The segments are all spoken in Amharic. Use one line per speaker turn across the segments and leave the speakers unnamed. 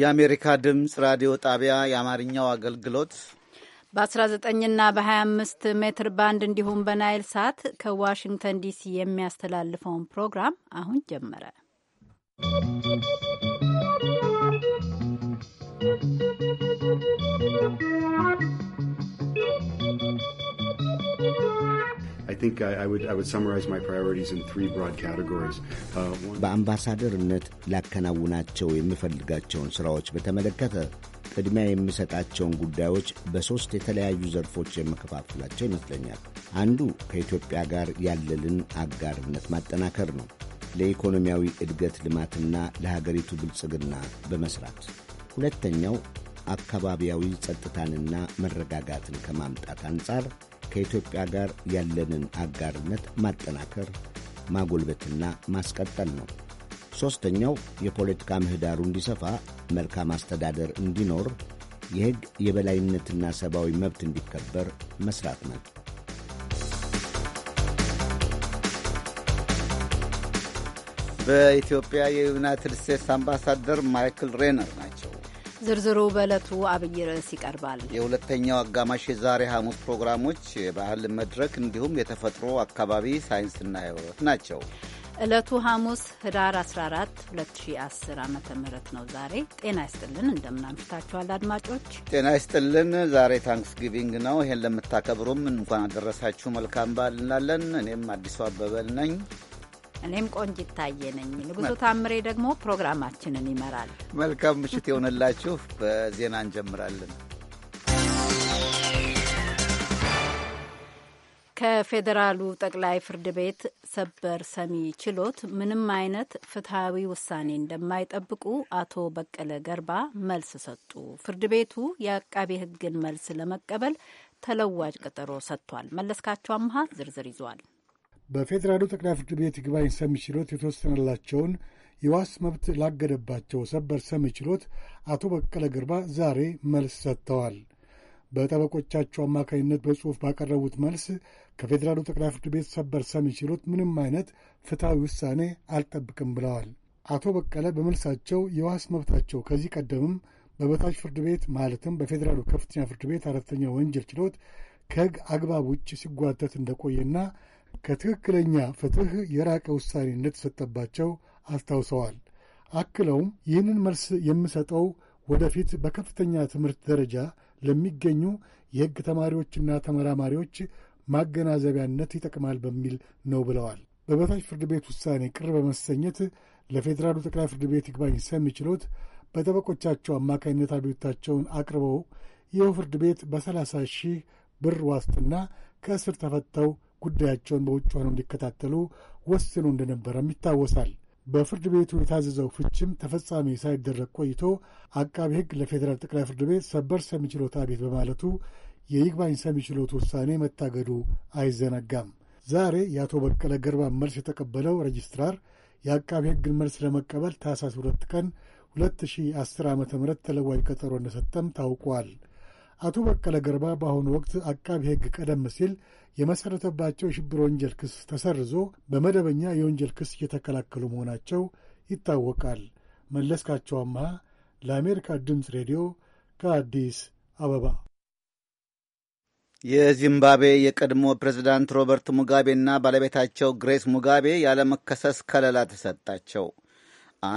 የአሜሪካ ድምፅ ራዲዮ ጣቢያ የአማርኛው አገልግሎት
በ19ና በ25 ሜትር ባንድ እንዲሁም በናይል ሳት ከዋሽንግተን ዲሲ የሚያስተላልፈውን ፕሮግራም አሁን ጀመረ።
በአምባሳደርነት ላከናውናቸው የምፈልጋቸውን ሥራዎች በተመለከተ ቅድሚያ የምሰጣቸውን ጉዳዮች በሦስት የተለያዩ ዘርፎች የመከፋፍላቸው ይመስለኛል። አንዱ ከኢትዮጵያ ጋር ያለልን አጋርነት ማጠናከር ነው። ለኢኮኖሚያዊ እድገት ልማትና ለሀገሪቱ ብልጽግና በመሥራት ሁለተኛው አካባቢያዊ ጸጥታንና መረጋጋትን ከማምጣት አንጻር ከኢትዮጵያ ጋር ያለንን አጋርነት ማጠናከር ማጎልበትና ማስቀጠል ነው። ሦስተኛው የፖለቲካ ምህዳሩ እንዲሰፋ፣ መልካም አስተዳደር እንዲኖር፣ የሕግ የበላይነትና ሰብአዊ መብት እንዲከበር መሥራት ነው።
በኢትዮጵያ የዩናይትድ ስቴትስ አምባሳደር ማይክል ሬነር ናቸው።
ዝርዝሩ በዕለቱ አብይ ርዕስ ይቀርባል።
የሁለተኛው አጋማሽ የዛሬ ሐሙስ ፕሮግራሞች የባህል መድረክ እንዲሁም የተፈጥሮ አካባቢ ሳይንስና ህይወት ናቸው።
ዕለቱ ሐሙስ ህዳር 14 2010 ዓ ም ነው። ዛሬ ጤና ይስጥልን፣ እንደምናምሽታችኋል አድማጮች።
ጤና ይስጥልን። ዛሬ ታንክስ ጊቪንግ ነው። ይህን ለምታከብሩም እንኳን አደረሳችሁ መልካም በዓል እንላለን። እኔም አዲሱ አበበ ነኝ።
እኔም ቆንጅ ታየ ነኝ። ንጉሱ ታምሬ ደግሞ ፕሮግራማችንን ይመራል።
መልካም ምሽት የሆነላችሁ። በዜና እንጀምራለን።
ከፌዴራሉ ጠቅላይ ፍርድ ቤት ሰበር ሰሚ ችሎት ምንም አይነት ፍትሐዊ ውሳኔ እንደማይጠብቁ አቶ በቀለ ገርባ መልስ ሰጡ። ፍርድ ቤቱ የአቃቤ ሕግን መልስ ለመቀበል ተለዋጭ ቀጠሮ ሰጥቷል። መለስካቸው አምሃ ዝርዝር ይዟል።
በፌዴራሉ ጠቅላይ ፍርድ ቤት ይግባኝ ሰሚ ችሎት የተወሰነላቸውን የዋስ መብት ላገደባቸው ሰበር ሰሚ ችሎት አቶ በቀለ ግርባ ዛሬ መልስ ሰጥተዋል። በጠበቆቻቸው አማካኝነት በጽሑፍ ባቀረቡት መልስ ከፌዴራሉ ጠቅላይ ፍርድ ቤት ሰበር ሰሚ ችሎት ምንም አይነት ፍትሐዊ ውሳኔ አልጠብቅም ብለዋል። አቶ በቀለ በመልሳቸው የዋስ መብታቸው ከዚህ ቀደምም በበታች ፍርድ ቤት ማለትም በፌዴራሉ ከፍተኛ ፍርድ ቤት አራተኛ ወንጀል ችሎት ከሕግ አግባብ ውጭ ሲጓተት እንደቆየና ከትክክለኛ ፍትሕ የራቀ ውሳኔ እንደተሰጠባቸው አስታውሰዋል። አክለውም ይህንን መልስ የምሰጠው ወደፊት በከፍተኛ ትምህርት ደረጃ ለሚገኙ የሕግ ተማሪዎችና ተመራማሪዎች ማገናዘቢያነት ይጠቅማል በሚል ነው ብለዋል። በበታች ፍርድ ቤት ውሳኔ ቅር በመሰኘት ለፌዴራሉ ጠቅላይ ፍርድ ቤት ይግባኝ ሰሚ ችሎት በጠበቆቻቸው አማካኝነት አቤቱታቸውን አቅርበው ይኸው ፍርድ ቤት በ30 ሺህ ብር ዋስትና ከእስር ተፈተው ጉዳያቸውን በውጭ ሆነው እንዲከታተሉ ወስኖ እንደነበረም ይታወሳል። በፍርድ ቤቱ የታዘዘው ፍችም ተፈጻሚ ሳይደረግ ቆይቶ አቃቢ ሕግ ለፌዴራል ጠቅላይ ፍርድ ቤት ሰበር ሰሚ ችሎት አቤት በማለቱ የይግባኝ ሰሚ ችሎት ውሳኔ መታገዱ አይዘነጋም። ዛሬ የአቶ በቀለ ገርባ መልስ የተቀበለው ሬጅስትራር የአቃቢ ሕግን መልስ ለመቀበል ታህሳስ ሁለት ቀን 2010 ዓ ም ተለዋጅ ቀጠሮ እንደሰጠም ታውቋል። አቶ በቀለ ገርባ በአሁኑ ወቅት አቃቢ ሕግ ቀደም ሲል የመሠረተባቸው የሽብር ወንጀል ክስ ተሰርዞ በመደበኛ የወንጀል ክስ እየተከላከሉ መሆናቸው ይታወቃል። መለስካቸው አምሃ ለአሜሪካ ድምፅ ሬዲዮ ከአዲስ አበባ።
የዚምባብዌ የቀድሞ ፕሬዝዳንት ሮበርት ሙጋቤና ባለቤታቸው ግሬስ ሙጋቤ ያለመከሰስ ከለላ ተሰጣቸው።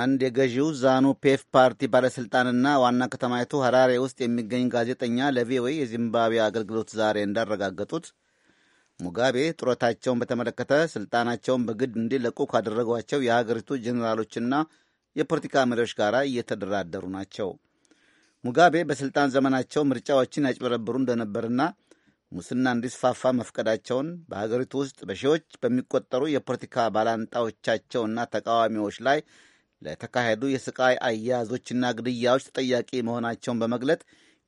አንድ የገዢው ዛኑ ፔፍ ፓርቲ ባለሥልጣንና ዋና ከተማይቱ ሐራሬ ውስጥ የሚገኝ ጋዜጠኛ ለቪኦኤ የዚምባብዌ አገልግሎት ዛሬ እንዳረጋገጡት ሙጋቤ ጡረታቸውን በተመለከተ ሥልጣናቸውን በግድ እንዲለቁ ካደረጓቸው የሀገሪቱ ጀኔራሎችና የፖለቲካ መሪዎች ጋር እየተደራደሩ ናቸው። ሙጋቤ በሥልጣን ዘመናቸው ምርጫዎችን ያጭበረብሩ እንደነበርና ሙስና እንዲስፋፋ መፍቀዳቸውን በሀገሪቱ ውስጥ በሺዎች በሚቆጠሩ የፖለቲካ ባላንጣዎቻቸውና ተቃዋሚዎች ላይ ለተካሄዱ የስቃይ አያያዞችና ግድያዎች ተጠያቂ መሆናቸውን በመግለጥ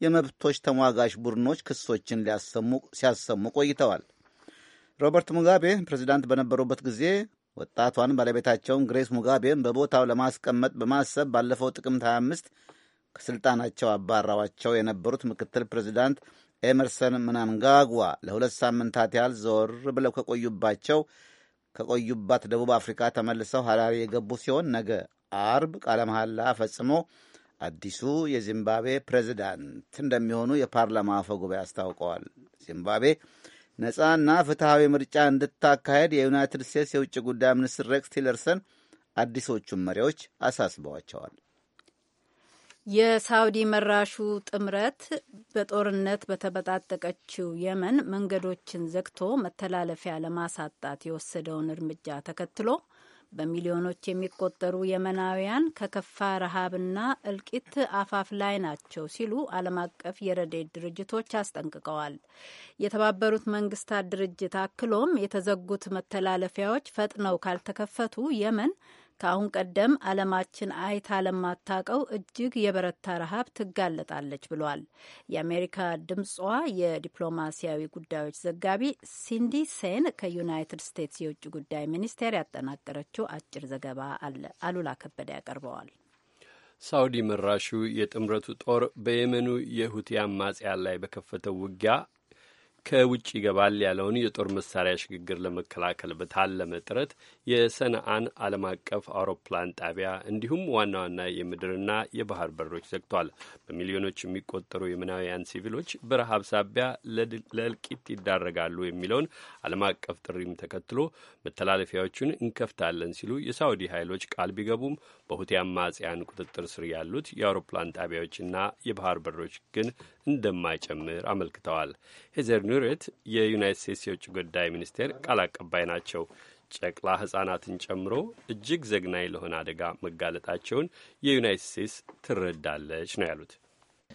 የመብቶች ተሟጋች ቡድኖች ክሶችን ሲያሰሙ ቆይተዋል። ሮበርት ሙጋቤ ፕሬዚዳንት በነበሩበት ጊዜ ወጣቷን ባለቤታቸውን ግሬስ ሙጋቤን በቦታው ለማስቀመጥ በማሰብ ባለፈው ጥቅምት 25 ከስልጣናቸው አባራዋቸው የነበሩት ምክትል ፕሬዚዳንት ኤመርሰን ምናንጋጓ ለሁለት ሳምንታት ያህል ዞር ብለው ከቆዩባቸው ከቆዩባት ደቡብ አፍሪካ ተመልሰው ሀራሪ የገቡ ሲሆን ነገ አርብ ቃለ መሐላ ፈጽሞ አዲሱ የዚምባብዌ ፕሬዚዳንት እንደሚሆኑ የፓርላማ አፈ ጉባኤ አስታውቀዋል። ዚምባብዌ ነፃና ፍትሐዊ ምርጫ እንድታካሄድ የዩናይትድ ስቴትስ የውጭ ጉዳይ ሚኒስትር ሬክስ ቲለርሰን አዲሶቹን መሪዎች አሳስበዋቸዋል።
የሳውዲ መራሹ ጥምረት በጦርነት በተበጣጠቀችው የመን መንገዶችን ዘግቶ መተላለፊያ ለማሳጣት የወሰደውን እርምጃ ተከትሎ በሚሊዮኖች የሚቆጠሩ የመናውያን ከከፋ ረሃብና እልቂት አፋፍ ላይ ናቸው ሲሉ ዓለም አቀፍ የረድኤት ድርጅቶች አስጠንቅቀዋል። የተባበሩት መንግስታት ድርጅት አክሎም የተዘጉት መተላለፊያዎች ፈጥነው ካልተከፈቱ የመን ከአሁን ቀደም ዓለማችን አይታ ለማታቀው እጅግ የበረታ ረሃብ ትጋለጣለች ብሏል። የአሜሪካ ድምጿ የዲፕሎማሲያዊ ጉዳዮች ዘጋቢ ሲንዲ ሴን ከዩናይትድ ስቴትስ የውጭ ጉዳይ ሚኒስቴር ያጠናቀረችው አጭር ዘገባ አለ። አሉላ ከበደ ያቀርበዋል።
ሳውዲ መራሹ የጥምረቱ ጦር በየመኑ የሁቲ አማጽያን ላይ በከፈተው ውጊያ ከውጭ ይገባል ያለውን የጦር መሳሪያ ሽግግር ለመከላከል በታለመ ጥረት የሰነአን ዓለም አቀፍ አውሮፕላን ጣቢያ እንዲሁም ዋና ዋና የምድርና የባህር በሮች ዘግቷል። በሚሊዮኖች የሚቆጠሩ የመናውያን ሲቪሎች በረሃብ ሳቢያ ለእልቂት ይዳረጋሉ የሚለውን ዓለም አቀፍ ጥሪም ተከትሎ መተላለፊያዎቹን እንከፍታለን ሲሉ የሳውዲ ኃይሎች ቃል ቢገቡም በሁቲ አማጽያን ቁጥጥር ስር ያሉት የአውሮፕላን ጣቢያዎችና የባህር በሮች ግን እንደማይጨምር አመልክተዋል። ሄዘር ኑሬት የዩናይት ስቴትስ የውጭ ጉዳይ ሚኒስቴር ቃል አቀባይ ናቸው። ጨቅላ ህጻናትን ጨምሮ እጅግ ዘግናኝ ለሆነ አደጋ መጋለጣቸውን የዩናይት ስቴትስ ትረዳለች ነው ያሉት።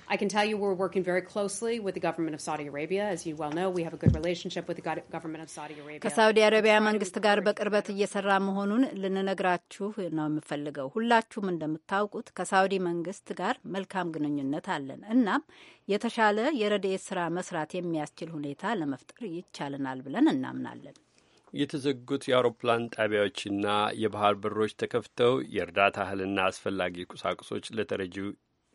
I can tell you we're working very closely with the government of Saudi Arabia. As you well
know, we have a good relationship with the government of Saudi Arabia. ከሳውዲ አረቢያ መንግስት ጋር በቅርበት እየሰራ መሆኑን ልንነግራችሁ ነው የምፈልገው። ሁላችሁም እንደምታውቁት ከሳውዲ መንግስት ጋር መልካም ግንኙነት አለን። እናም የተሻለ የረድኤት ስራ መስራት የሚያስችል ሁኔታ ለመፍጠር ይቻልናል ብለን እናምናለን።
የተዘጉት የአውሮፕላን ጣቢያዎችና የባህር በሮች ተከፍተው የእርዳታ እህልና አስፈላጊ ቁሳቁሶች ለተረጂው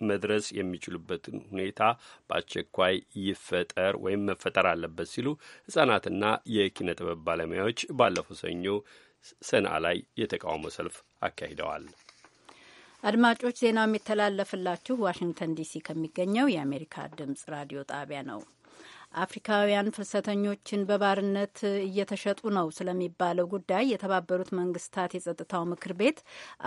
መድረስ የሚችሉበትን ሁኔታ በአስቸኳይ ይፈጠር ወይም መፈጠር አለበት ሲሉ ህጻናትና የኪነ ጥበብ ባለሙያዎች ባለፈው ሰኞ ሰንዓ ላይ የተቃውሞ ሰልፍ አካሂደዋል።
አድማጮች ዜናው የሚተላለፍላችሁ ዋሽንግተን ዲሲ ከሚገኘው የአሜሪካ ድምጽ ራዲዮ ጣቢያ ነው። አፍሪካውያን ፍልሰተኞችን በባርነት እየተሸጡ ነው ስለሚባለው ጉዳይ የተባበሩት መንግስታት የጸጥታው ምክር ቤት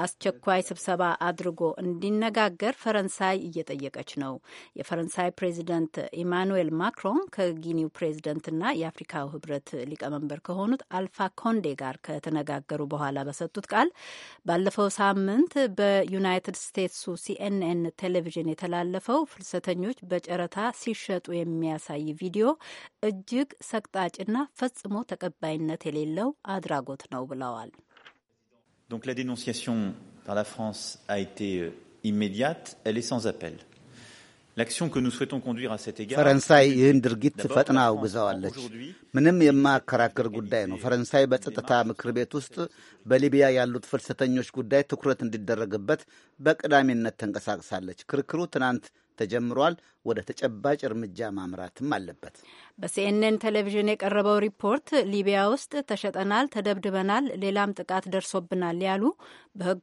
አስቸኳይ ስብሰባ አድርጎ እንዲነጋገር ፈረንሳይ እየጠየቀች ነው። የፈረንሳይ ፕሬዚደንት ኢማኑኤል ማክሮን ከጊኒው ፕሬዚደንትና የአፍሪካው ህብረት ሊቀመንበር ከሆኑት አልፋ ኮንዴ ጋር ከተነጋገሩ በኋላ በሰጡት ቃል ባለፈው ሳምንት በዩናይትድ ስቴትሱ ሲኤንኤን ቴሌቪዥን የተላለፈው ፍልሰተኞች በጨረታ ሲሸጡ የሚያሳይ ቪዲዮ ቪዲዮ እጅግ ሰቅጣጭና ፈጽሞ ተቀባይነት የሌለው አድራጎት ነው ብለዋል።
Donc la dénonciation par la France a été euh, immédiate, elle est sans appel. ፈረንሳይ ይህን ድርጊት ፈጥና አውግዘዋለች። ምንም የማያከራክር ጉዳይ ነው። ፈረንሳይ በጸጥታ ምክር ቤት ውስጥ በሊቢያ ያሉት ፍልሰተኞች ጉዳይ ትኩረት እንዲደረግበት በቅዳሜነት ተንቀሳቅሳለች። ክርክሩ ትናንት ተጀምሯል። ወደ ተጨባጭ እርምጃ ማምራትም አለበት።
በሲኤንኤን ቴሌቪዥን የቀረበው ሪፖርት ሊቢያ ውስጥ ተሸጠናል፣ ተደብድበናል፣ ሌላም ጥቃት ደርሶብናል ያሉ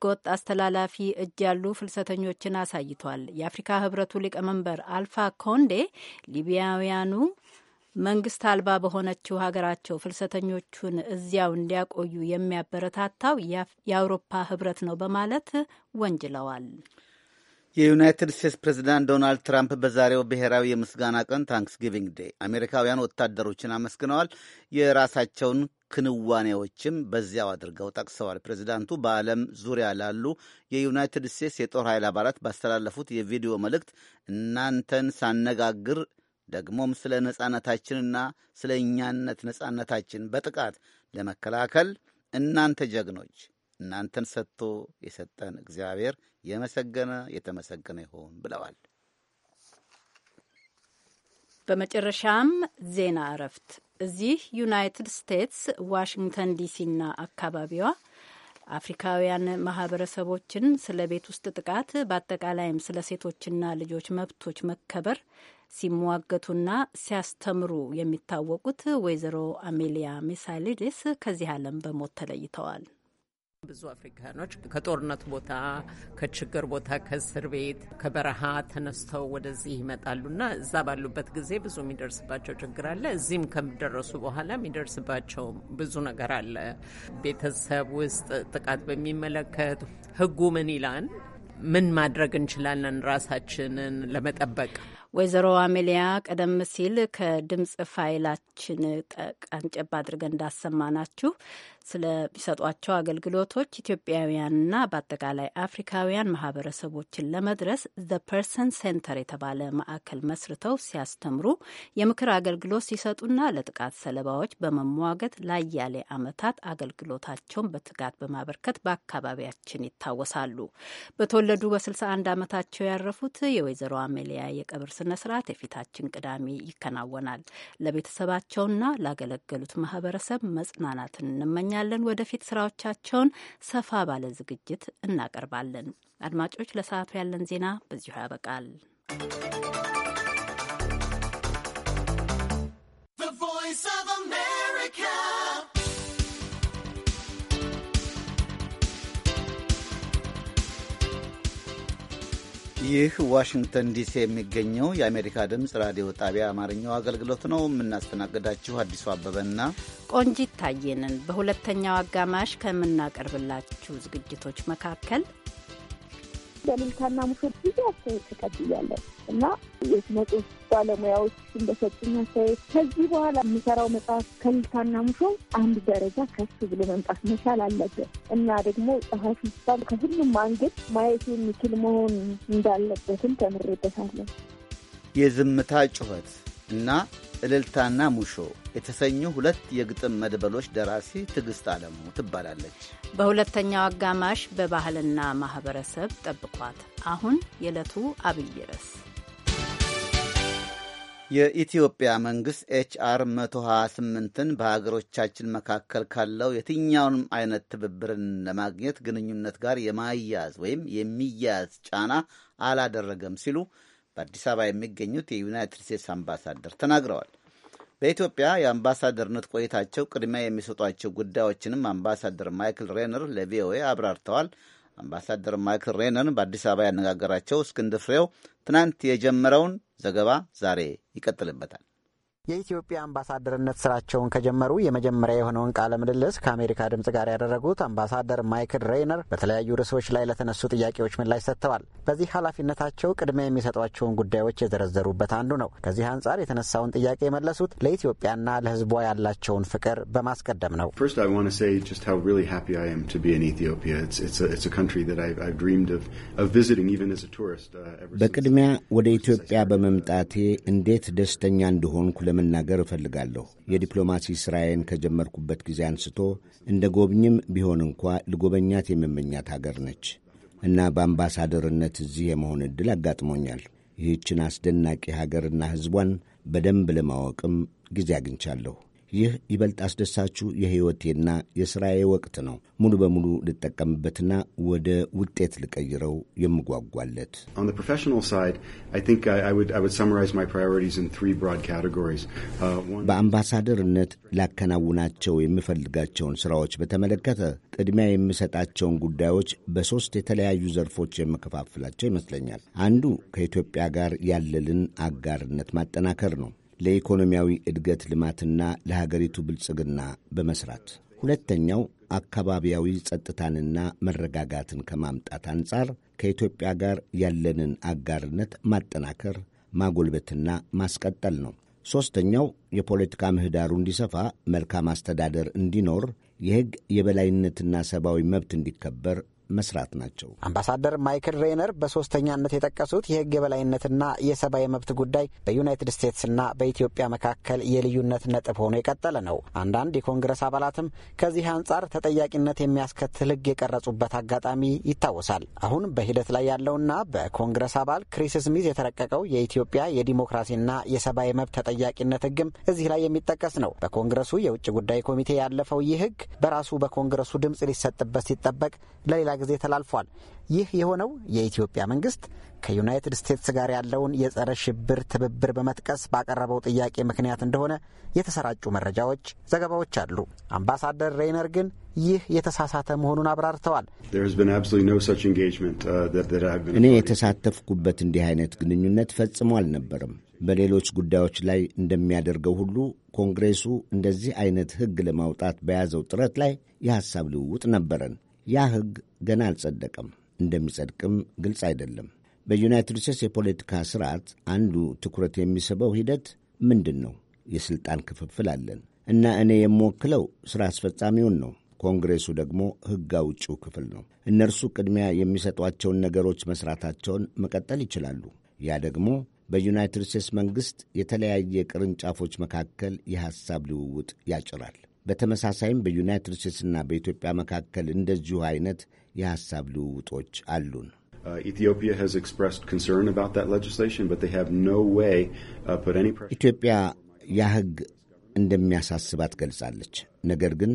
ወጥ አስተላላፊ እጅ ያሉ ፍልሰተኞችን አሳይቷል። የአፍሪካ ህብረቱ ሊቀመንበር አልፋ ኮንዴ ሊቢያውያኑ መንግስት አልባ በሆነችው ሀገራቸው ፍልሰተኞቹን እዚያው እንዲያቆዩ የሚያበረታታው የአውሮፓ ህብረት ነው በማለት ወንጅለዋል።
የዩናይትድ ስቴትስ ፕሬዝዳንት ዶናልድ ትራምፕ በዛሬው ብሔራዊ የምስጋና ቀን ታንክስጊቪንግ ዴይ አሜሪካውያን ወታደሮችን አመስግነዋል። የራሳቸውን ክንዋኔዎችም በዚያው አድርገው ጠቅሰዋል። ፕሬዚዳንቱ በዓለም ዙሪያ ላሉ የዩናይትድ ስቴትስ የጦር ኃይል አባላት ባስተላለፉት የቪዲዮ መልእክት እናንተን ሳነጋግር ደግሞም ስለ ነጻነታችንና ስለ እኛነት ነጻነታችን በጥቃት ለመከላከል እናንተ ጀግኖች እናንተን ሰጥቶ የሰጠን እግዚአብሔር የመሰገነ የተመሰገነ ይሆን
ብለዋል። በመጨረሻም ዜና እረፍት። እዚህ ዩናይትድ ስቴትስ ዋሽንግተን ዲሲና አካባቢዋ አፍሪካውያን ማህበረሰቦችን ስለ ቤት ውስጥ ጥቃት በአጠቃላይም ስለ ሴቶችና ልጆች መብቶች መከበር ሲሟገቱና ሲያስተምሩ የሚታወቁት ወይዘሮ አሜሊያ ሚሳሊዲስ ከዚህ ዓለም በሞት ተለይተዋል።
ብዙ አፍሪካኖች ከጦርነት ቦታ፣ ከችግር ቦታ፣ ከእስር ቤት፣ ከበረሃ ተነስተው ወደዚህ ይመጣሉና እዛ ባሉበት ጊዜ ብዙ የሚደርስባቸው ችግር አለ። እዚህም ከደረሱ በኋላ የሚደርስባቸው ብዙ ነገር አለ። ቤተሰብ ውስጥ ጥቃት በሚመለከት ህጉ ምን ይላል? ምን ማድረግ እንችላለን
ራሳችንን ለመጠበቅ? ወይዘሮ አሜሊያ ቀደም ሲል ከድምፅ ፋይላችን ቀንጨብ አድርገን እንዳሰማናችሁ ስለሚሰጧቸው አገልግሎቶች ኢትዮጵያውያንና በአጠቃላይ አፍሪካውያን ማህበረሰቦችን ለመድረስ ዘ ፐርሰን ሴንተር የተባለ ማዕከል መስርተው ሲያስተምሩ፣ የምክር አገልግሎት ሲሰጡና ለጥቃት ሰለባዎች በመሟገት ለአያሌ ዓመታት አገልግሎታቸውን በትጋት በማበርከት በአካባቢያችን ይታወሳሉ። በተወለዱ በ61 ዓመታቸው ያረፉት የወይዘሮ አሜሊያ የቀብር ስነ ስርዓት የፊታችን ቅዳሜ ይከናወናል። ለቤተሰባቸውና ላገለገሉት ማህበረሰብ መጽናናትን እንመኛል። እንገኛለን። ወደፊት ስራዎቻቸውን ሰፋ ባለ ዝግጅት እናቀርባለን። አድማጮች፣ ለሰዓቱ ያለን ዜና በዚሁ ያበቃል።
ይህ ዋሽንግተን ዲሲ የሚገኘው የአሜሪካ ድምፅ ራዲዮ ጣቢያ አማርኛው አገልግሎት ነው። የምናስተናግዳችሁ አዲሱ አበበና
ቆንጂት ታየንን። በሁለተኛው አጋማሽ ከምናቀርብላችሁ ዝግጅቶች መካከል
በእልልታና ሙሾት ብዙ አስተያየት
ተቀብያለን
እና የስነ ጽሁፍ ባለሙያዎች እንደሰጡኝ አስተያየት ከዚህ በኋላ የምሰራው መጽሐፍ ከእልልታና ሙሾ አንድ ደረጃ ከፍ ብሎ መምጣት መቻል አለበት እና ደግሞ ጸሐፊ ሲባል ከሁሉም አንገት ማየት የሚችል መሆን እንዳለበትም ተምሬበታለሁ።
የዝምታ ጩኸት እና እልልታና ሙሾ የተሰኙ ሁለት የግጥም መድበሎች ደራሲ ትዕግስት አለሙ ትባላለች።
በሁለተኛው አጋማሽ በባህልና ማህበረሰብ ጠብቋት። አሁን የዕለቱ አብይ ርዕስ
የኢትዮጵያ መንግሥት ኤችአር 128ን በሀገሮቻችን መካከል ካለው የትኛውንም አይነት ትብብርን ለማግኘት ግንኙነት ጋር የማያያዝ ወይም የሚያያዝ ጫና አላደረገም ሲሉ በአዲስ አበባ የሚገኙት የዩናይትድ ስቴትስ አምባሳደር ተናግረዋል። በኢትዮጵያ የአምባሳደርነት ቆይታቸው ቅድሚያ የሚሰጧቸው ጉዳዮችንም አምባሳደር ማይክል ሬነር ለቪኦኤ አብራርተዋል። አምባሳደር ማይክል ሬነርን በአዲስ አበባ ያነጋገራቸው እስክንድር ፍሬው ትናንት የጀመረውን ዘገባ ዛሬ ይቀጥልበታል።
የኢትዮጵያ አምባሳደርነት ስራቸውን ከጀመሩ የመጀመሪያ የሆነውን ቃለ ምልልስ ከአሜሪካ ድምጽ ጋር ያደረጉት አምባሳደር ማይክል ሬይነር በተለያዩ ርዕሶች ላይ ለተነሱ ጥያቄዎች ምላሽ ሰጥተዋል። በዚህ ኃላፊነታቸው ቅድሚያ የሚሰጧቸውን ጉዳዮች የዘረዘሩበት አንዱ ነው። ከዚህ አንጻር የተነሳውን ጥያቄ የመለሱት ለኢትዮጵያና
ለሕዝቧ ያላቸውን ፍቅር በማስቀደም ነው።
በቅድሚያ ወደ ኢትዮጵያ በመምጣቴ እንዴት ደስተኛ እንደሆንኩ ለመናገር እፈልጋለሁ። የዲፕሎማሲ ሥራዬን ከጀመርኩበት ጊዜ አንስቶ እንደ ጎብኝም ቢሆን እንኳ ልጎበኛት የመመኛት አገር ነች እና በአምባሳደርነት እዚህ የመሆን ዕድል አጋጥሞኛል። ይህችን አስደናቂ ሀገርና ሕዝቧን በደንብ ለማወቅም ጊዜ አግኝቻለሁ። ይህ ይበልጥ አስደሳቹ የሕይወቴና የሥራዬ ወቅት ነው። ሙሉ በሙሉ ልጠቀምበትና ወደ ውጤት ልቀይረው የምጓጓለት። uh, በአምባሳደርነት ላከናውናቸው የምፈልጋቸውን ሥራዎች በተመለከተ ቅድሚያ የምሰጣቸውን ጉዳዮች በሦስት የተለያዩ ዘርፎች የምከፋፍላቸው ይመስለኛል። አንዱ ከኢትዮጵያ ጋር ያለልን አጋርነት ማጠናከር ነው። ለኢኮኖሚያዊ እድገት ልማትና ለሀገሪቱ ብልጽግና በመስራት ሁለተኛው አካባቢያዊ ጸጥታንና መረጋጋትን ከማምጣት አንጻር ከኢትዮጵያ ጋር ያለንን አጋርነት ማጠናከር ማጎልበትና ማስቀጠል ነው። ሦስተኛው የፖለቲካ ምህዳሩ እንዲሰፋ፣ መልካም አስተዳደር እንዲኖር፣ የሕግ የበላይነትና ሰብአዊ መብት እንዲከበር መስራት ናቸው።
አምባሳደር ማይክል ሬነር በሶስተኛነት የጠቀሱት የህግ የበላይነትና የሰብአዊ መብት ጉዳይ በዩናይትድ ስቴትስና በኢትዮጵያ መካከል የልዩነት ነጥብ ሆኖ የቀጠለ ነው። አንዳንድ የኮንግረስ አባላትም ከዚህ አንጻር ተጠያቂነት የሚያስከትል ህግ የቀረጹበት አጋጣሚ ይታወሳል። አሁን በሂደት ላይ ያለውና በኮንግረስ አባል ክሪስ ስሚዝ የተረቀቀው የኢትዮጵያ የዲሞክራሲና የሰብአዊ መብት ተጠያቂነት ህግም እዚህ ላይ የሚጠቀስ ነው። በኮንግረሱ የውጭ ጉዳይ ኮሚቴ ያለፈው ይህ ህግ በራሱ በኮንግረሱ ድምፅ ሊሰጥበት ሲጠበቅ ለሌላ ጊዜ ተላልፏል። ይህ የሆነው የኢትዮጵያ መንግስት ከዩናይትድ ስቴትስ ጋር ያለውን የጸረ ሽብር ትብብር በመጥቀስ ባቀረበው ጥያቄ ምክንያት እንደሆነ የተሰራጩ መረጃዎች፣ ዘገባዎች አሉ። አምባሳደር ሬይነር ግን ይህ የተሳሳተ መሆኑን
አብራርተዋል። uh, እኔ የተሳተፍኩበት እንዲህ
አይነት ግንኙነት ፈጽሞ አልነበርም። በሌሎች ጉዳዮች ላይ እንደሚያደርገው ሁሉ ኮንግሬሱ እንደዚህ አይነት ሕግ ለማውጣት በያዘው ጥረት ላይ የሐሳብ ልውውጥ ነበረን። ያ ሕግ ገና አልጸደቀም፣ እንደሚጸድቅም ግልጽ አይደለም። በዩናይትድ ስቴትስ የፖለቲካ ስርዓት አንዱ ትኩረት የሚስበው ሂደት ምንድን ነው? የሥልጣን ክፍፍል አለን እና እኔ የምወክለው ሥራ አስፈጻሚውን ነው። ኮንግሬሱ ደግሞ ሕግ አውጪው ክፍል ነው። እነርሱ ቅድሚያ የሚሰጧቸውን ነገሮች መሥራታቸውን መቀጠል ይችላሉ። ያ ደግሞ በዩናይትድ ስቴትስ መንግሥት የተለያየ ቅርንጫፎች መካከል የሐሳብ ልውውጥ ያጭራል። በተመሳሳይም በዩናይትድ ስቴትስና በኢትዮጵያ መካከል እንደዚሁ
አይነት የሐሳብ ልውውጦች አሉን። uh, ኢትዮጵያ ያ ሕግ
እንደሚያሳስባት ገልጻለች። ነገር ግን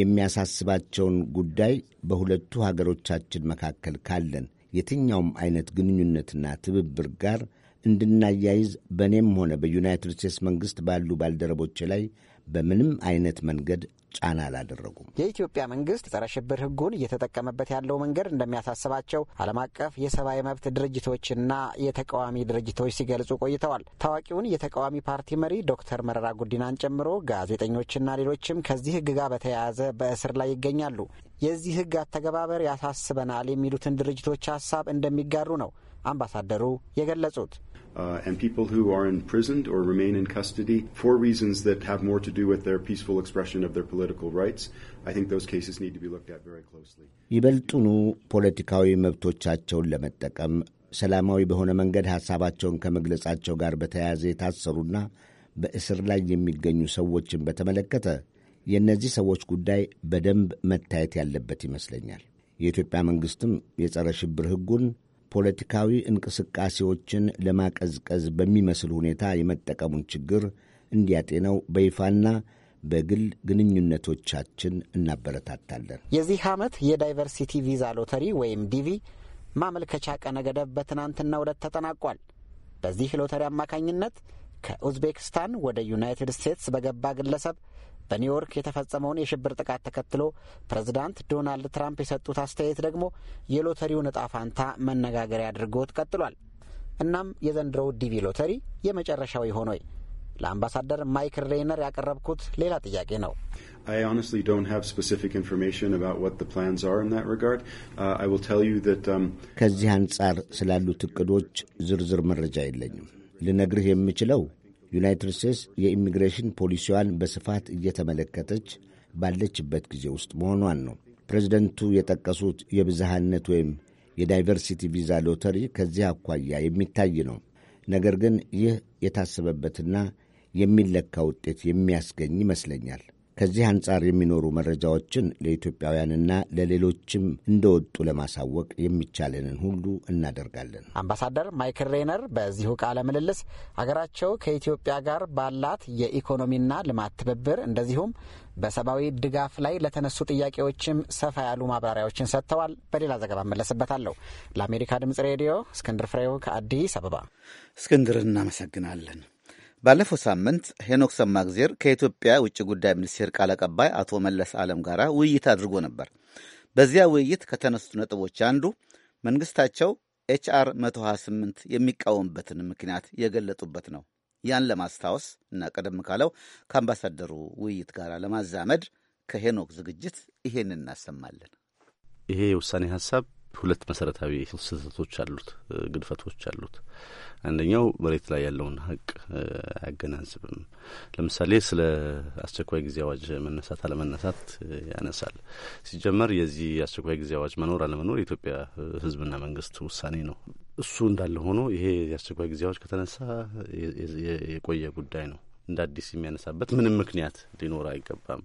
የሚያሳስባቸውን ጉዳይ በሁለቱ ሀገሮቻችን መካከል ካለን የትኛውም አይነት ግንኙነትና ትብብር ጋር እንድናያይዝ በእኔም ሆነ በዩናይትድ ስቴትስ መንግሥት ባሉ ባልደረቦች ላይ በምንም አይነት መንገድ ጫና አላደረጉም።
የኢትዮጵያ መንግስት ጸረ ሽብር ህጉን እየተጠቀመበት ያለው መንገድ እንደሚያሳስባቸው ዓለም አቀፍ የሰብአዊ መብት ድርጅቶችና የተቃዋሚ ድርጅቶች ሲገልጹ ቆይተዋል። ታዋቂውን የተቃዋሚ ፓርቲ መሪ ዶክተር መረራ ጉዲናን ጨምሮ ጋዜጠኞችና ሌሎችም ከዚህ ህግ ጋር በተያያዘ በእስር ላይ ይገኛሉ። የዚህ ህግ አተገባበር ያሳስበናል የሚሉትን ድርጅቶች ሀሳብ እንደሚጋሩ ነው አምባሳደሩ
የገለጹት። uh, and people who are imprisoned or remain in custody for reasons that have more to do with their peaceful expression of their political rights. I think those cases need to be looked at very closely.
ይበልጡኑ ፖለቲካዊ መብቶቻቸውን ለመጠቀም ሰላማዊ በሆነ መንገድ ሐሳባቸውን ከመግለጻቸው ጋር በተያያዘ የታሰሩና በእስር ላይ የሚገኙ ሰዎችን በተመለከተ የእነዚህ ሰዎች ጉዳይ በደንብ መታየት ያለበት ይመስለኛል። የኢትዮጵያ መንግሥትም የጸረ ሽብር ሕጉን ፖለቲካዊ እንቅስቃሴዎችን ለማቀዝቀዝ በሚመስል ሁኔታ የመጠቀሙን ችግር እንዲያጤነው በይፋና በግል ግንኙነቶቻችን እናበረታታለን።
የዚህ ዓመት የዳይቨርሲቲ ቪዛ ሎተሪ ወይም ዲቪ ማመልከቻ ቀነ ገደብ በትናንትናው ዕለት ተጠናቋል። በዚህ ሎተሪ አማካኝነት ከኡዝቤክስታን ወደ ዩናይትድ ስቴትስ በገባ ግለሰብ በኒውዮርክ የተፈጸመውን የሽብር ጥቃት ተከትሎ ፕሬዝዳንት ዶናልድ ትራምፕ የሰጡት አስተያየት ደግሞ የሎተሪውን እጣ ፋንታ መነጋገሪያ አድርጎት ቀጥሏል። እናም የዘንድሮው ዲቪ ሎተሪ የመጨረሻው ይሆን ወይ? ለአምባሳደር ማይክል ሬይነር
ያቀረብኩት ሌላ ጥያቄ ነው።
ከዚህ አንጻር ስላሉት እቅዶች ዝርዝር መረጃ የለኝም። ልነግርህ የምችለው ዩናይትድ ስቴትስ የኢሚግሬሽን ፖሊሲዋን በስፋት እየተመለከተች ባለችበት ጊዜ ውስጥ መሆኗን ነው። ፕሬዚደንቱ የጠቀሱት የብዝሃነት ወይም የዳይቨርሲቲ ቪዛ ሎተሪ ከዚህ አኳያ የሚታይ ነው። ነገር ግን ይህ የታሰበበትና የሚለካ ውጤት የሚያስገኝ ይመስለኛል። ከዚህ አንጻር የሚኖሩ መረጃዎችን ለኢትዮጵያውያንና ለሌሎችም እንደወጡ ለማሳወቅ የሚቻለንን ሁሉ
እናደርጋለን። አምባሳደር ማይክል ሬነር በዚሁ ቃለ ምልልስ ሀገራቸው ከኢትዮጵያ ጋር ባላት የኢኮኖሚና ልማት ትብብር እንደዚሁም በሰብአዊ ድጋፍ ላይ ለተነሱ ጥያቄዎችም ሰፋ ያሉ ማብራሪያዎችን ሰጥተዋል። በሌላ ዘገባ መለስበታለሁ። ለአሜሪካ ድምጽ ሬዲዮ እስክንድር ፍሬው ከአዲስ
አበባ። እስክንድር እናመሰግናለን። ባለፈው ሳምንት ሄኖክ ሰማግዜር ከኢትዮጵያ ውጭ ጉዳይ ሚኒስቴር ቃል አቀባይ አቶ መለስ ዓለም ጋር ውይይት አድርጎ ነበር። በዚያ ውይይት ከተነሱት ነጥቦች አንዱ መንግስታቸው ኤችአር 128 የሚቃወምበትን ምክንያት የገለጡበት ነው። ያን ለማስታወስ እና ቀደም ካለው ከአምባሳደሩ ውይይት ጋር ለማዛመድ ከሄኖክ ዝግጅት ይሄን እናሰማለን።
ይሄ የውሳኔ ሀሳብ ሁለት መሰረታዊ ስህተቶች አሉት፣ ግድፈቶች አሉት። አንደኛው መሬት ላይ ያለውን ሀቅ አያገናዝብም። ለምሳሌ ስለ አስቸኳይ ጊዜ አዋጅ መነሳት አለመነሳት ያነሳል። ሲጀመር የዚህ አስቸኳይ ጊዜ አዋጅ መኖር አለመኖር የኢትዮጵያ ሕዝብና መንግስት ውሳኔ ነው። እሱ እንዳለ ሆኖ ይሄ የአስቸኳይ ጊዜ አዋጅ ከተነሳ የቆየ ጉዳይ ነው። እንደ አዲስ የሚያነሳበት ምንም ምክንያት ሊኖር አይገባም።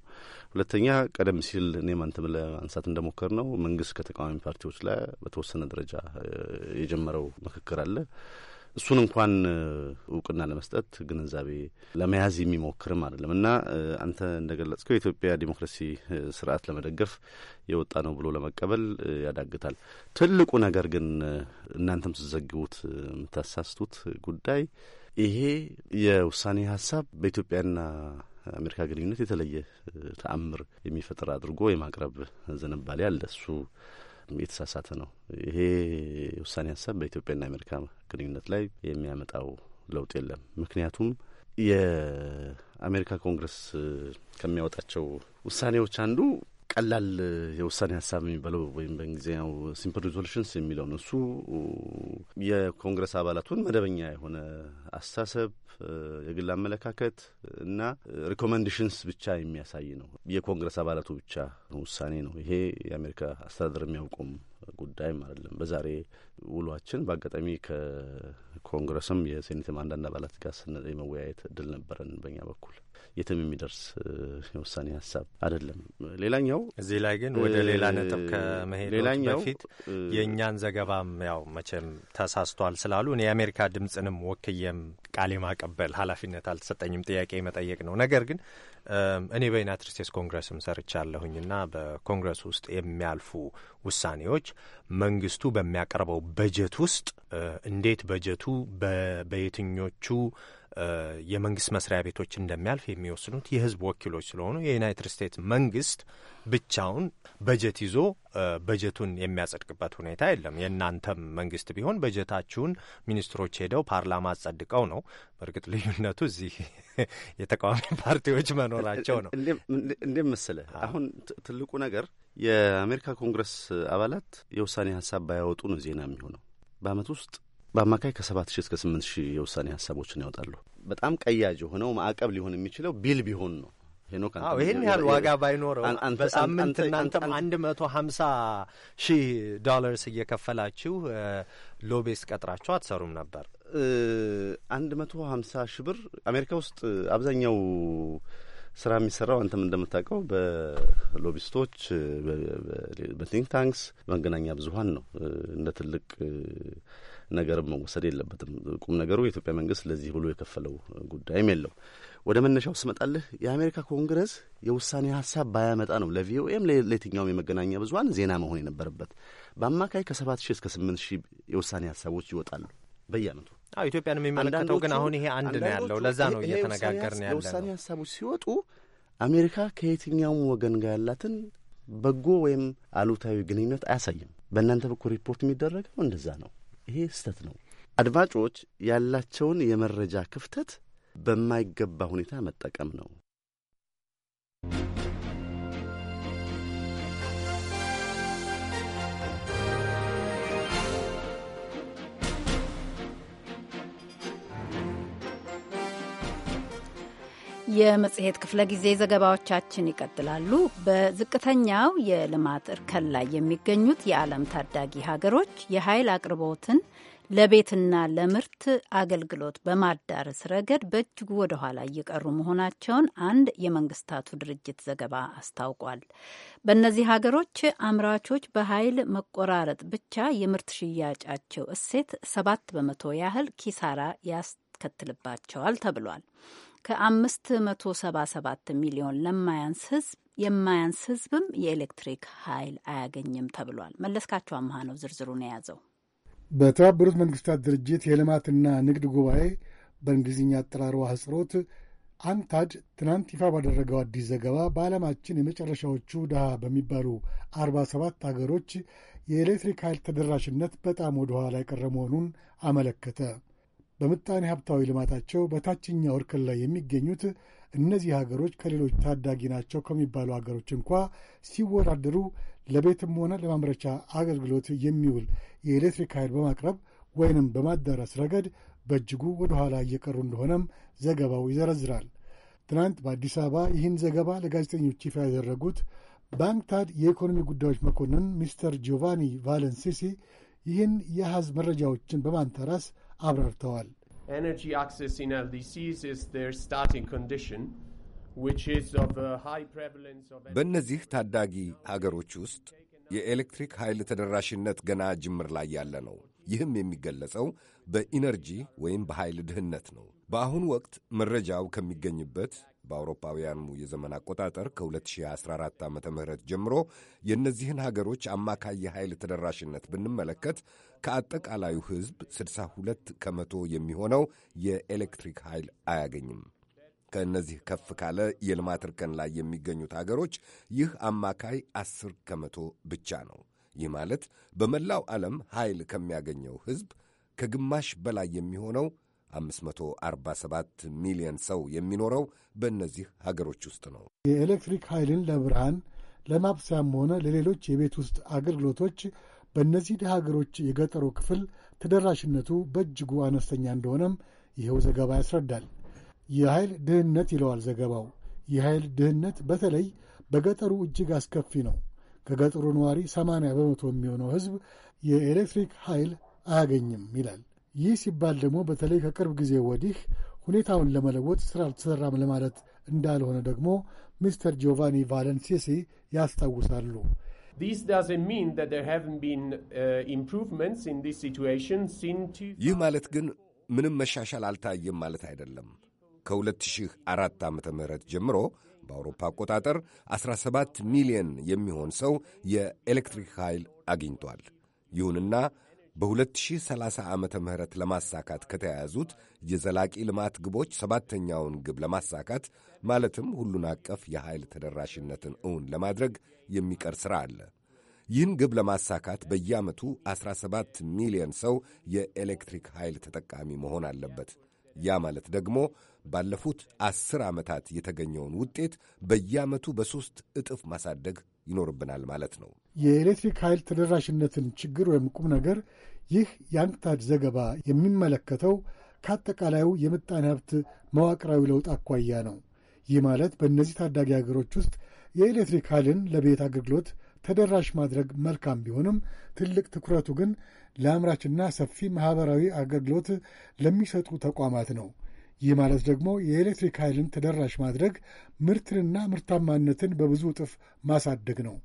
ሁለተኛ ቀደም ሲል እኔም አንተም ለማንሳት እንደሞከር ነው መንግስት ከተቃዋሚ ፓርቲዎች ላይ በተወሰነ ደረጃ የጀመረው ምክክር አለ። እሱን እንኳን እውቅና ለመስጠት ግንዛቤ ለመያዝ የሚሞክርም አይደለም እና አንተ እንደ ገለጽከው የኢትዮጵያ ዲሞክራሲ ስርዓት ለመደገፍ የወጣ ነው ብሎ ለመቀበል ያዳግታል። ትልቁ ነገር ግን እናንተም ስትዘግቡት የምታሳስቱት ጉዳይ ይሄ የውሳኔ ሀሳብ በኢትዮጵያና አሜሪካ ግንኙነት የተለየ ተአምር የሚፈጥር አድርጎ የማቅረብ ዝንባሌ አለ። እሱ የተሳሳተ ነው። ይሄ ውሳኔ ሀሳብ በኢትዮጵያና አሜሪካ ግንኙነት ላይ የሚያመጣው ለውጥ የለም። ምክንያቱም የአሜሪካ ኮንግረስ ከሚያወጣቸው ውሳኔዎች አንዱ ቀላል የውሳኔ ሀሳብ የሚባለው ወይም በእንግሊዝኛው ሲምፕል ሪዞሉሽንስ የሚለው ነው። እሱ የኮንግረስ አባላቱን መደበኛ የሆነ አስተሳሰብ የግል አመለካከት እና ሪኮመንዴሽንስ ብቻ የሚያሳይ ነው። የኮንግረስ አባላቱ ብቻ ውሳኔ ነው። ይሄ የአሜሪካ አስተዳደር የሚያውቁም ጉዳይም አይደለም። በዛሬ ውሏችን በአጋጣሚ ከኮንግረስም የሴኔትም አንዳንድ አባላት ጋር የመወያየት እድል ነበረን። በእኛ በኩል የትም የሚደርስ የውሳኔ ሀሳብ አይደለም። ሌላኛው እዚህ ላይ ግን ወደ ሌላ ነጥብ ከመሄድ በፊት የእኛን ዘገባም ያው መቼም ተሳስቷል ስላሉ እኔ የአሜሪካ ድምጽንም ወክየም ቃሌ ማቀ መቀበል ኃላፊነት አልተሰጠኝም። ጥያቄ መጠየቅ ነው። ነገር ግን እኔ በዩናይትድ ስቴትስ ኮንግረስም ሰርቻለሁኝ እና በኮንግረስ ውስጥ የሚያልፉ ውሳኔዎች መንግስቱ በሚያቀርበው በጀት ውስጥ እንዴት በጀቱ በየትኞቹ የመንግስት መስሪያ ቤቶች እንደሚያልፍ የሚወስኑት የህዝብ ወኪሎች ስለሆኑ የዩናይትድ ስቴትስ መንግስት ብቻውን በጀት ይዞ በጀቱን የሚያጸድቅበት ሁኔታ የለም። የእናንተም መንግስት ቢሆን በጀታችሁን ሚኒስትሮች ሄደው ፓርላማ አጸድቀው ነው። በእርግጥ ልዩነቱ እዚህ የተቃዋሚ ፓርቲዎች መኖራቸው ነው። እንዴም መሰለህ አሁን ትልቁ ነገር የአሜሪካ ኮንግረስ አባላት የውሳኔ ሀሳብ ባያወጡ ነው ዜና የሚሆነው በአመት ውስጥ በአማካይ ከሰባት ሺህ እስከ ስምንት ሺህ የውሳኔ ሀሳቦችን ያወጣሉ። በጣም ቀያጅ የሆነው ማዕቀብ ሊሆን የሚችለው ቢል ቢሆን ነው። ይህን ያህል ዋጋ ባይኖረው በሳምንት እናንተም አንድ መቶ ሀምሳ ሺህ ዶላርስ እየከፈላችሁ ሎቤስ ቀጥራችሁ አትሰሩም ነበር። አንድ መቶ ሀምሳ ሺህ ብር አሜሪካ ውስጥ አብዛኛው ስራ የሚሰራው አንተም እንደምታውቀው በሎቢስቶች፣ በቲንክ ታንክስ፣ መገናኛ ብዙሀን ነው እንደ ትልቅ ነገር መወሰድ የለበትም። ቁም ነገሩ የኢትዮጵያ መንግስት ለዚህ ብሎ የከፈለው ጉዳይም የለው። ወደ መነሻው ስመጣልህ የአሜሪካ ኮንግረስ የውሳኔ ሀሳብ ባያመጣ ነው ለቪኦኤም ለየትኛውም የመገናኛ ብዙሀን ዜና መሆን የነበረበት። በአማካይ ከሰባት ሺህ እስከ ስምንት ሺህ የውሳኔ ሀሳቦች ይወጣሉ በየአመቱ። አዎ ኢትዮጵያን የሚመለከተው ግን አሁን ይሄ አንድ ነው ያለው። ለዛ ነው እየተነጋገርን ያለ የውሳኔ ሀሳቦች ሲወጡ አሜሪካ ከየትኛውም ወገን ጋር ያላትን በጎ ወይም አሉታዊ ግንኙነት አያሳይም። በእናንተ በኩል ሪፖርት የሚደረገው እንደዛ ነው። ይሄ ስህተት ነው። አድማጮች ያላቸውን የመረጃ ክፍተት በማይገባ ሁኔታ መጠቀም ነው።
የመጽሔት ክፍለ ጊዜ ዘገባዎቻችን ይቀጥላሉ። በዝቅተኛው የልማት እርከን ላይ የሚገኙት የዓለም ታዳጊ ሀገሮች የኃይል አቅርቦትን ለቤትና ለምርት አገልግሎት በማዳረስ ረገድ በእጅጉ ወደ ኋላ እየቀሩ መሆናቸውን አንድ የመንግስታቱ ድርጅት ዘገባ አስታውቋል። በእነዚህ ሀገሮች አምራቾች በኃይል መቆራረጥ ብቻ የምርት ሽያጫቸው እሴት ሰባት በመቶ ያህል ኪሳራ ያስከትልባቸዋል ተብሏል። ከ577 ሚሊዮን ለማያንስ ህዝብ የማያንስ ህዝብም የኤሌክትሪክ ኃይል አያገኝም ተብሏል። መለስካቸው አመሃ ነው ዝርዝሩን የያዘው።
በተባበሩት መንግስታት ድርጅት የልማትና ንግድ ጉባኤ በእንግሊዝኛ አጠራሩ አህጽሮት አንታድ ትናንት ይፋ ባደረገው አዲስ ዘገባ በዓለማችን የመጨረሻዎቹ ድሃ በሚባሉ 47 ሀገሮች የኤሌክትሪክ ኃይል ተደራሽነት በጣም ወደ ኋላ የቀረ መሆኑን አመለከተ። በምጣኔ ሀብታዊ ልማታቸው በታችኛው እርክል ላይ የሚገኙት እነዚህ ሀገሮች ከሌሎች ታዳጊ ናቸው ከሚባሉ ሀገሮች እንኳ ሲወዳደሩ ለቤትም ሆነ ለማምረቻ አገልግሎት የሚውል የኤሌክትሪክ ኃይል በማቅረብ ወይንም በማዳረስ ረገድ በእጅጉ ወደ ኋላ እየቀሩ እንደሆነም ዘገባው ይዘረዝራል። ትናንት በአዲስ አበባ ይህን ዘገባ ለጋዜጠኞች ይፋ ያደረጉት ባንክታድ የኢኮኖሚ ጉዳዮች መኮንን ሚስተር ጂዮቫኒ ቫለንሲሲ ይህን የሐዝ መረጃዎችን በማንተራስ አብራርተዋል።
በእነዚህ ታዳጊ ሀገሮች ውስጥ የኤሌክትሪክ ኃይል ተደራሽነት ገና ጅምር ላይ ያለ ነው። ይህም የሚገለጸው በኢነርጂ ወይም በኃይል ድህነት ነው። በአሁኑ ወቅት መረጃው ከሚገኝበት በአውሮፓውያኑ የዘመን አቆጣጠር ከ2014 ዓ ም ጀምሮ የእነዚህን ሀገሮች አማካይ የኃይል ተደራሽነት ብንመለከት ከአጠቃላዩ ሕዝብ 62 ከመቶ የሚሆነው የኤሌክትሪክ ኃይል አያገኝም። ከእነዚህ ከፍ ካለ የልማት እርከን ላይ የሚገኙት አገሮች ይህ አማካይ 10 ከመቶ ብቻ ነው። ይህ ማለት በመላው ዓለም ኃይል ከሚያገኘው ሕዝብ ከግማሽ በላይ የሚሆነው 547 ሚሊዮን ሰው የሚኖረው በእነዚህ ሀገሮች ውስጥ ነው።
የኤሌክትሪክ ኃይልን ለብርሃን ለማብሰያም ሆነ ለሌሎች የቤት ውስጥ አገልግሎቶች በእነዚህ ድሃ ሀገሮች የገጠሩ ክፍል ተደራሽነቱ በእጅጉ አነስተኛ እንደሆነም ይኸው ዘገባ ያስረዳል። የኃይል ድህነት ይለዋል ዘገባው። የኃይል ድህነት በተለይ በገጠሩ እጅግ አስከፊ ነው። ከገጠሩ ነዋሪ 80 በመቶ የሚሆነው ሕዝብ የኤሌክትሪክ ኃይል አያገኝም ይላል። ይህ ሲባል ደግሞ በተለይ ከቅርብ ጊዜ ወዲህ ሁኔታውን ለመለወጥ ስራ አልተሰራም ለማለት እንዳልሆነ ደግሞ ሚስተር ጂዮቫኒ ቫለንሲሲ ያስታውሳሉ።
Uh,
ይህ ማለት ግን ምንም መሻሻል አልታየም ማለት አይደለም። ከ2004 ዓ ም ጀምሮ በአውሮፓ አቆጣጠር 17 ሚሊዮን የሚሆን ሰው የኤሌክትሪክ ኃይል አግኝቷል። ይሁንና በ2030 ዓ ም ለማሳካት ከተያያዙት የዘላቂ ልማት ግቦች ሰባተኛውን ግብ ለማሳካት ማለትም ሁሉን አቀፍ የኃይል ተደራሽነትን እውን ለማድረግ የሚቀር ሥራ አለ። ይህን ግብ ለማሳካት በየዓመቱ 17 ሚሊዮን ሰው የኤሌክትሪክ ኃይል ተጠቃሚ መሆን አለበት። ያ ማለት ደግሞ ባለፉት ዐሥር ዓመታት የተገኘውን ውጤት በየዓመቱ በሦስት እጥፍ ማሳደግ ይኖርብናል ማለት ነው።
የኤሌክትሪክ ኃይል ተደራሽነትን ችግር ወይም ቁም ነገር ይህ የአንክታድ ዘገባ የሚመለከተው ከአጠቃላዩ የምጣኔ ሀብት መዋቅራዊ ለውጥ አኳያ ነው። ይህ ማለት በእነዚህ ታዳጊ ሀገሮች ውስጥ የኤሌክትሪክ ኃይልን ለቤት አገልግሎት ተደራሽ ማድረግ መልካም ቢሆንም ትልቅ ትኩረቱ ግን ለአምራችና ሰፊ ማኅበራዊ አገልግሎት ለሚሰጡ ተቋማት ነው። ይህ ማለት ደግሞ የኤሌክትሪክ ኃይልን ተደራሽ ማድረግ ምርትንና ምርታማነትን በብዙ እጥፍ ማሳደግ ነው።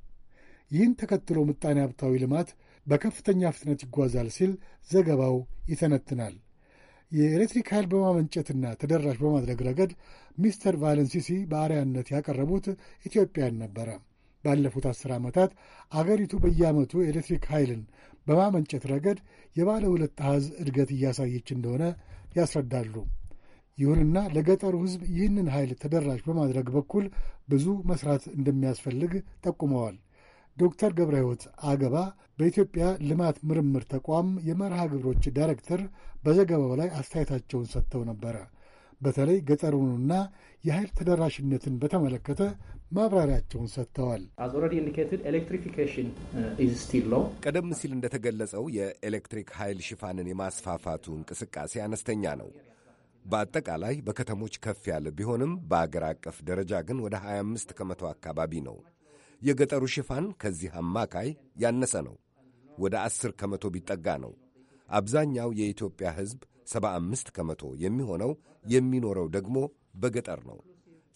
ይህን ተከትሎ ምጣኔ ሀብታዊ ልማት በከፍተኛ ፍጥነት ይጓዛል ሲል ዘገባው ይተነትናል። የኤሌክትሪክ ኃይል በማመንጨትና ተደራሽ በማድረግ ረገድ ሚስተር ቫለንሲሲ በአርያነት ያቀረቡት ኢትዮጵያን ነበረ። ባለፉት አስር ዓመታት አገሪቱ በየዓመቱ የኤሌክትሪክ ኃይልን በማመንጨት ረገድ የባለ ሁለት አሃዝ እድገት እያሳየች እንደሆነ ያስረዳሉ። ይሁንና ለገጠሩ ሕዝብ ይህንን ኃይል ተደራሽ በማድረግ በኩል ብዙ መስራት እንደሚያስፈልግ ጠቁመዋል። ዶክተር ገብረ ሕይወት አገባ በኢትዮጵያ ልማት ምርምር ተቋም የመርሃ ግብሮች ዳይሬክተር በዘገባው ላይ አስተያየታቸውን ሰጥተው ነበረ። በተለይ ገጠሩንና የኃይል ተደራሽነትን በተመለከተ ማብራሪያቸውን ሰጥተዋል።
uh, ቀደም ሲል እንደተገለጸው የኤሌክትሪክ ኃይል ሽፋንን የማስፋፋቱ እንቅስቃሴ አነስተኛ ነው። በአጠቃላይ በከተሞች ከፍ ያለ ቢሆንም በአገር አቀፍ ደረጃ ግን ወደ 25 ከመቶ አካባቢ ነው። የገጠሩ ሽፋን ከዚህ አማካይ ያነሰ ነው። ወደ ዐሥር ከመቶ ቢጠጋ ነው። አብዛኛው የኢትዮጵያ ሕዝብ ሰባ አምስት ከመቶ የሚሆነው የሚኖረው ደግሞ በገጠር ነው።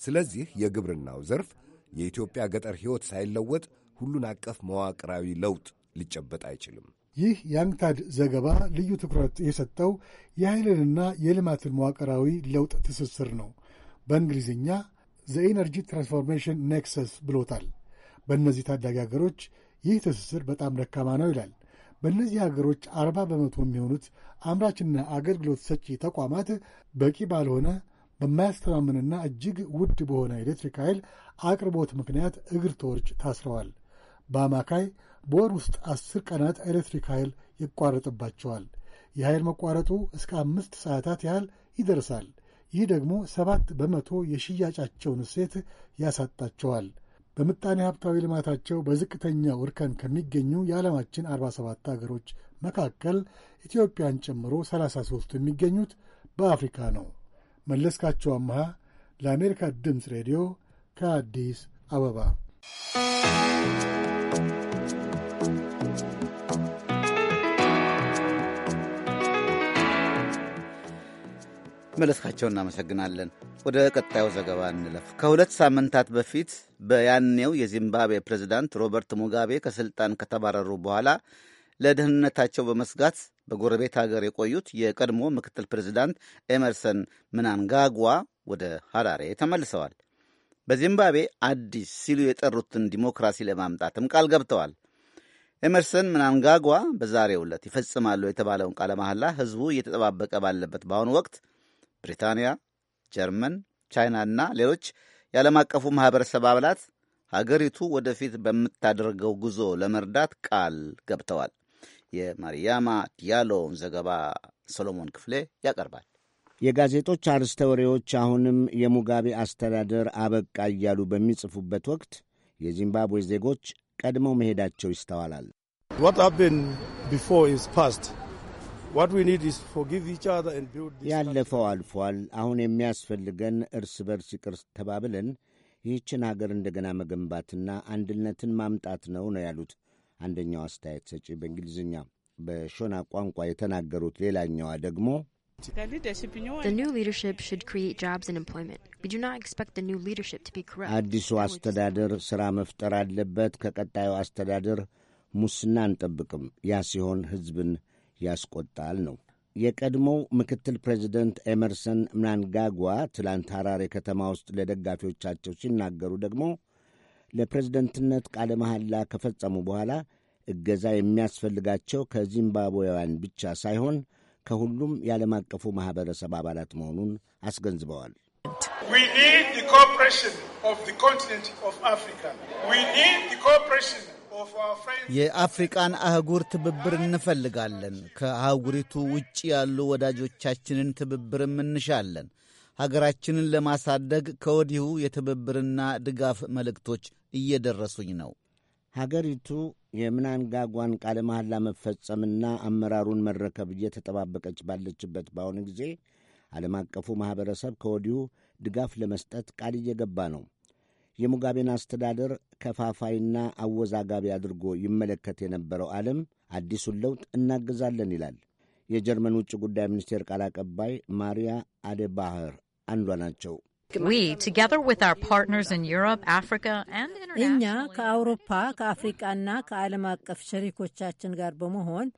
ስለዚህ የግብርናው ዘርፍ የኢትዮጵያ ገጠር ሕይወት ሳይለወጥ ሁሉን አቀፍ መዋቅራዊ ለውጥ ሊጨበጥ አይችልም።
ይህ የአንክታድ ዘገባ ልዩ ትኩረት የሰጠው የኃይልንና የልማትን መዋቅራዊ ለውጥ ትስስር ነው። በእንግሊዝኛ ዘኢነርጂ ትራንስፎርሜሽን ኔክሰስ ብሎታል። በእነዚህ ታዳጊ ሀገሮች ይህ ትስስር በጣም ደካማ ነው ይላል። በእነዚህ ሀገሮች አርባ በመቶ የሚሆኑት አምራችና አገልግሎት ሰጪ ተቋማት በቂ ባልሆነ በማያስተማምንና እጅግ ውድ በሆነ ኤሌክትሪክ ኃይል አቅርቦት ምክንያት እግር ተወርጭ ታስረዋል። በአማካይ በወር ውስጥ አስር ቀናት ኤሌክትሪክ ኃይል ይቋረጥባቸዋል። የኃይል መቋረጡ እስከ አምስት ሰዓታት ያህል ይደርሳል። ይህ ደግሞ ሰባት በመቶ የሽያጫቸውን እሴት ያሳጣቸዋል። በምጣኔ ሀብታዊ ልማታቸው በዝቅተኛ እርከን ከሚገኙ የዓለማችን 47 አገሮች መካከል ኢትዮጵያን ጨምሮ 33ቱ የሚገኙት በአፍሪካ ነው። መለስካቸው አመሃ ለአሜሪካ ድምፅ ሬዲዮ ከአዲስ አበባ።
መለስካቸው እናመሰግናለን። ወደ ቀጣዩ ዘገባ እንለፍ። ከሁለት ሳምንታት በፊት በያኔው የዚምባብዌ ፕሬዚዳንት ሮበርት ሙጋቤ ከስልጣን ከተባረሩ በኋላ ለደህንነታቸው በመስጋት በጎረቤት ሀገር የቆዩት የቀድሞ ምክትል ፕሬዚዳንት ኤመርሰን ምናንጋጓ ወደ ሐራሬ ተመልሰዋል። በዚምባብዌ አዲስ ሲሉ የጠሩትን ዲሞክራሲ ለማምጣትም ቃል ገብተዋል። ኤመርሰን ምናንጋጓ በዛሬው ዕለት ይፈጽማሉ የተባለውን ቃለ መሐላ ሕዝቡ እየተጠባበቀ ባለበት በአሁኑ ወቅት ብሪታንያ፣ ጀርመን፣ ቻይናና ሌሎች የዓለም አቀፉ ማኅበረሰብ አባላት ሀገሪቱ ወደፊት በምታደርገው ጉዞ ለመርዳት ቃል ገብተዋል። የማርያማ ዲያሎን ዘገባ ሰሎሞን ክፍሌ ያቀርባል።
የጋዜጦች አርዕስተ ወሬዎች አሁንም የሙጋቤ አስተዳደር አበቃ እያሉ በሚጽፉበት ወቅት የዚምባብዌ ዜጎች ቀድመው መሄዳቸው ይስተዋላል። ያለፈው አልፏል። አሁን የሚያስፈልገን እርስ በርስ ይቅር ተባብለን ይህችን ሀገር እንደገና መገንባትና አንድነትን ማምጣት ነው ነው ያሉት አንደኛው አስተያየት ሰጪ በእንግሊዝኛ በሾና ቋንቋ የተናገሩት ሌላኛዋ ደግሞ አዲሱ አስተዳደር ሥራ መፍጠር አለበት። ከቀጣዩ አስተዳደር ሙስና አንጠብቅም። ያ ሲሆን ሕዝብን ያስቆጣል ነው። የቀድሞው ምክትል ፕሬዚደንት ኤመርሰን ምናንጋጓ ትላንት ሐራሬ ከተማ ውስጥ ለደጋፊዎቻቸው ሲናገሩ ደግሞ ለፕሬዝደንትነት ቃለ መሐላ ከፈጸሙ በኋላ እገዛ የሚያስፈልጋቸው ከዚምባብዌውያን ብቻ ሳይሆን ከሁሉም የዓለም አቀፉ ማኅበረሰብ አባላት መሆኑን አስገንዝበዋል።
የአፍሪቃን አህጉር ትብብር እንፈልጋለን። ከአህጉሪቱ ውጭ ያሉ ወዳጆቻችንን ትብብርም እንሻለን። ሀገራችንን ለማሳደግ ከወዲሁ የትብብርና ድጋፍ መልእክቶች እየደረሱኝ ነው። ሀገሪቱ የምናንጋጓን
ቃለ መሐላ መፈጸምና አመራሩን መረከብ እየተጠባበቀች ባለችበት በአሁኑ ጊዜ ዓለም አቀፉ ማኅበረሰብ ከወዲሁ ድጋፍ ለመስጠት ቃል እየገባ ነው። የሙጋቤን አስተዳደር ከፋፋይና አወዛጋቢ አድርጎ ይመለከት የነበረው ዓለም አዲሱን ለውጥ እናግዛለን ይላል። የጀርመን ውጭ ጉዳይ ሚኒስቴር ቃል አቀባይ ማሪያ አደባህር አንዷ ናቸው።
እኛ ከአውሮፓ ከአፍሪቃና ከዓለም አቀፍ ሸሪኮቻችን ጋር በመሆን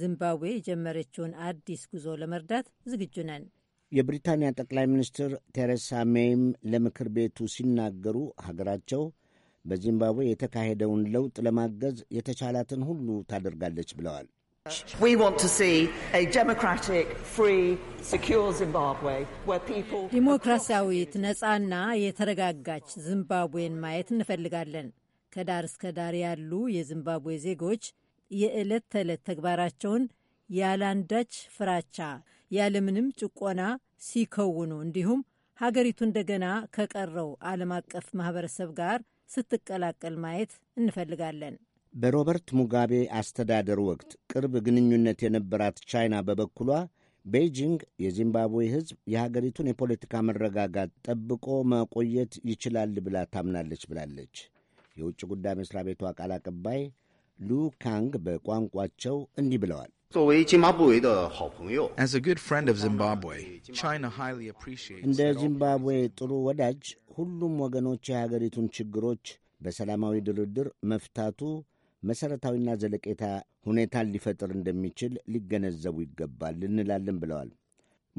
ዚምባብዌ የጀመረችውን አዲስ ጉዞ ለመርዳት ዝግጁ ነን።
የብሪታንያ ጠቅላይ ሚኒስትር ቴሬሳ ሜይም ለምክር ቤቱ ሲናገሩ ሀገራቸው በዚምባብዌ የተካሄደውን ለውጥ ለማገዝ የተቻላትን ሁሉ ታደርጋለች ብለዋል።
ዲሞክራሲያዊት ነፃና የተረጋጋች ዚምባብዌን ማየት እንፈልጋለን። ከዳር እስከ ዳር ያሉ የዚምባብዌ ዜጎች የዕለት ተዕለት ተግባራቸውን ያላንዳች ፍራቻ ያለምንም ጭቆና ሲከውኑ እንዲሁም ሀገሪቱ እንደገና ከቀረው ዓለም አቀፍ ማህበረሰብ ጋር ስትቀላቀል ማየት እንፈልጋለን።
በሮበርት ሙጋቤ አስተዳደር ወቅት ቅርብ ግንኙነት የነበራት ቻይና በበኩሏ ቤይጂንግ የዚምባብዌ ሕዝብ የሀገሪቱን የፖለቲካ መረጋጋት ጠብቆ መቆየት ይችላል ብላ ታምናለች ብላለች። የውጭ ጉዳይ መሥሪያ ቤቷ ቃል አቀባይ ሉ ካንግ በቋንቋቸው እንዲህ ብለዋል። As a good friend of Zimbabwe,
China highly appreciates እንደ
ዚምባብዌ ጥሩ ወዳጅ ሁሉም ወገኖች የሀገሪቱን ችግሮች በሰላማዊ ድርድር መፍታቱ መሠረታዊና ዘለቄታ ሁኔታን ሊፈጥር እንደሚችል ሊገነዘቡ ይገባል እንላለን ብለዋል።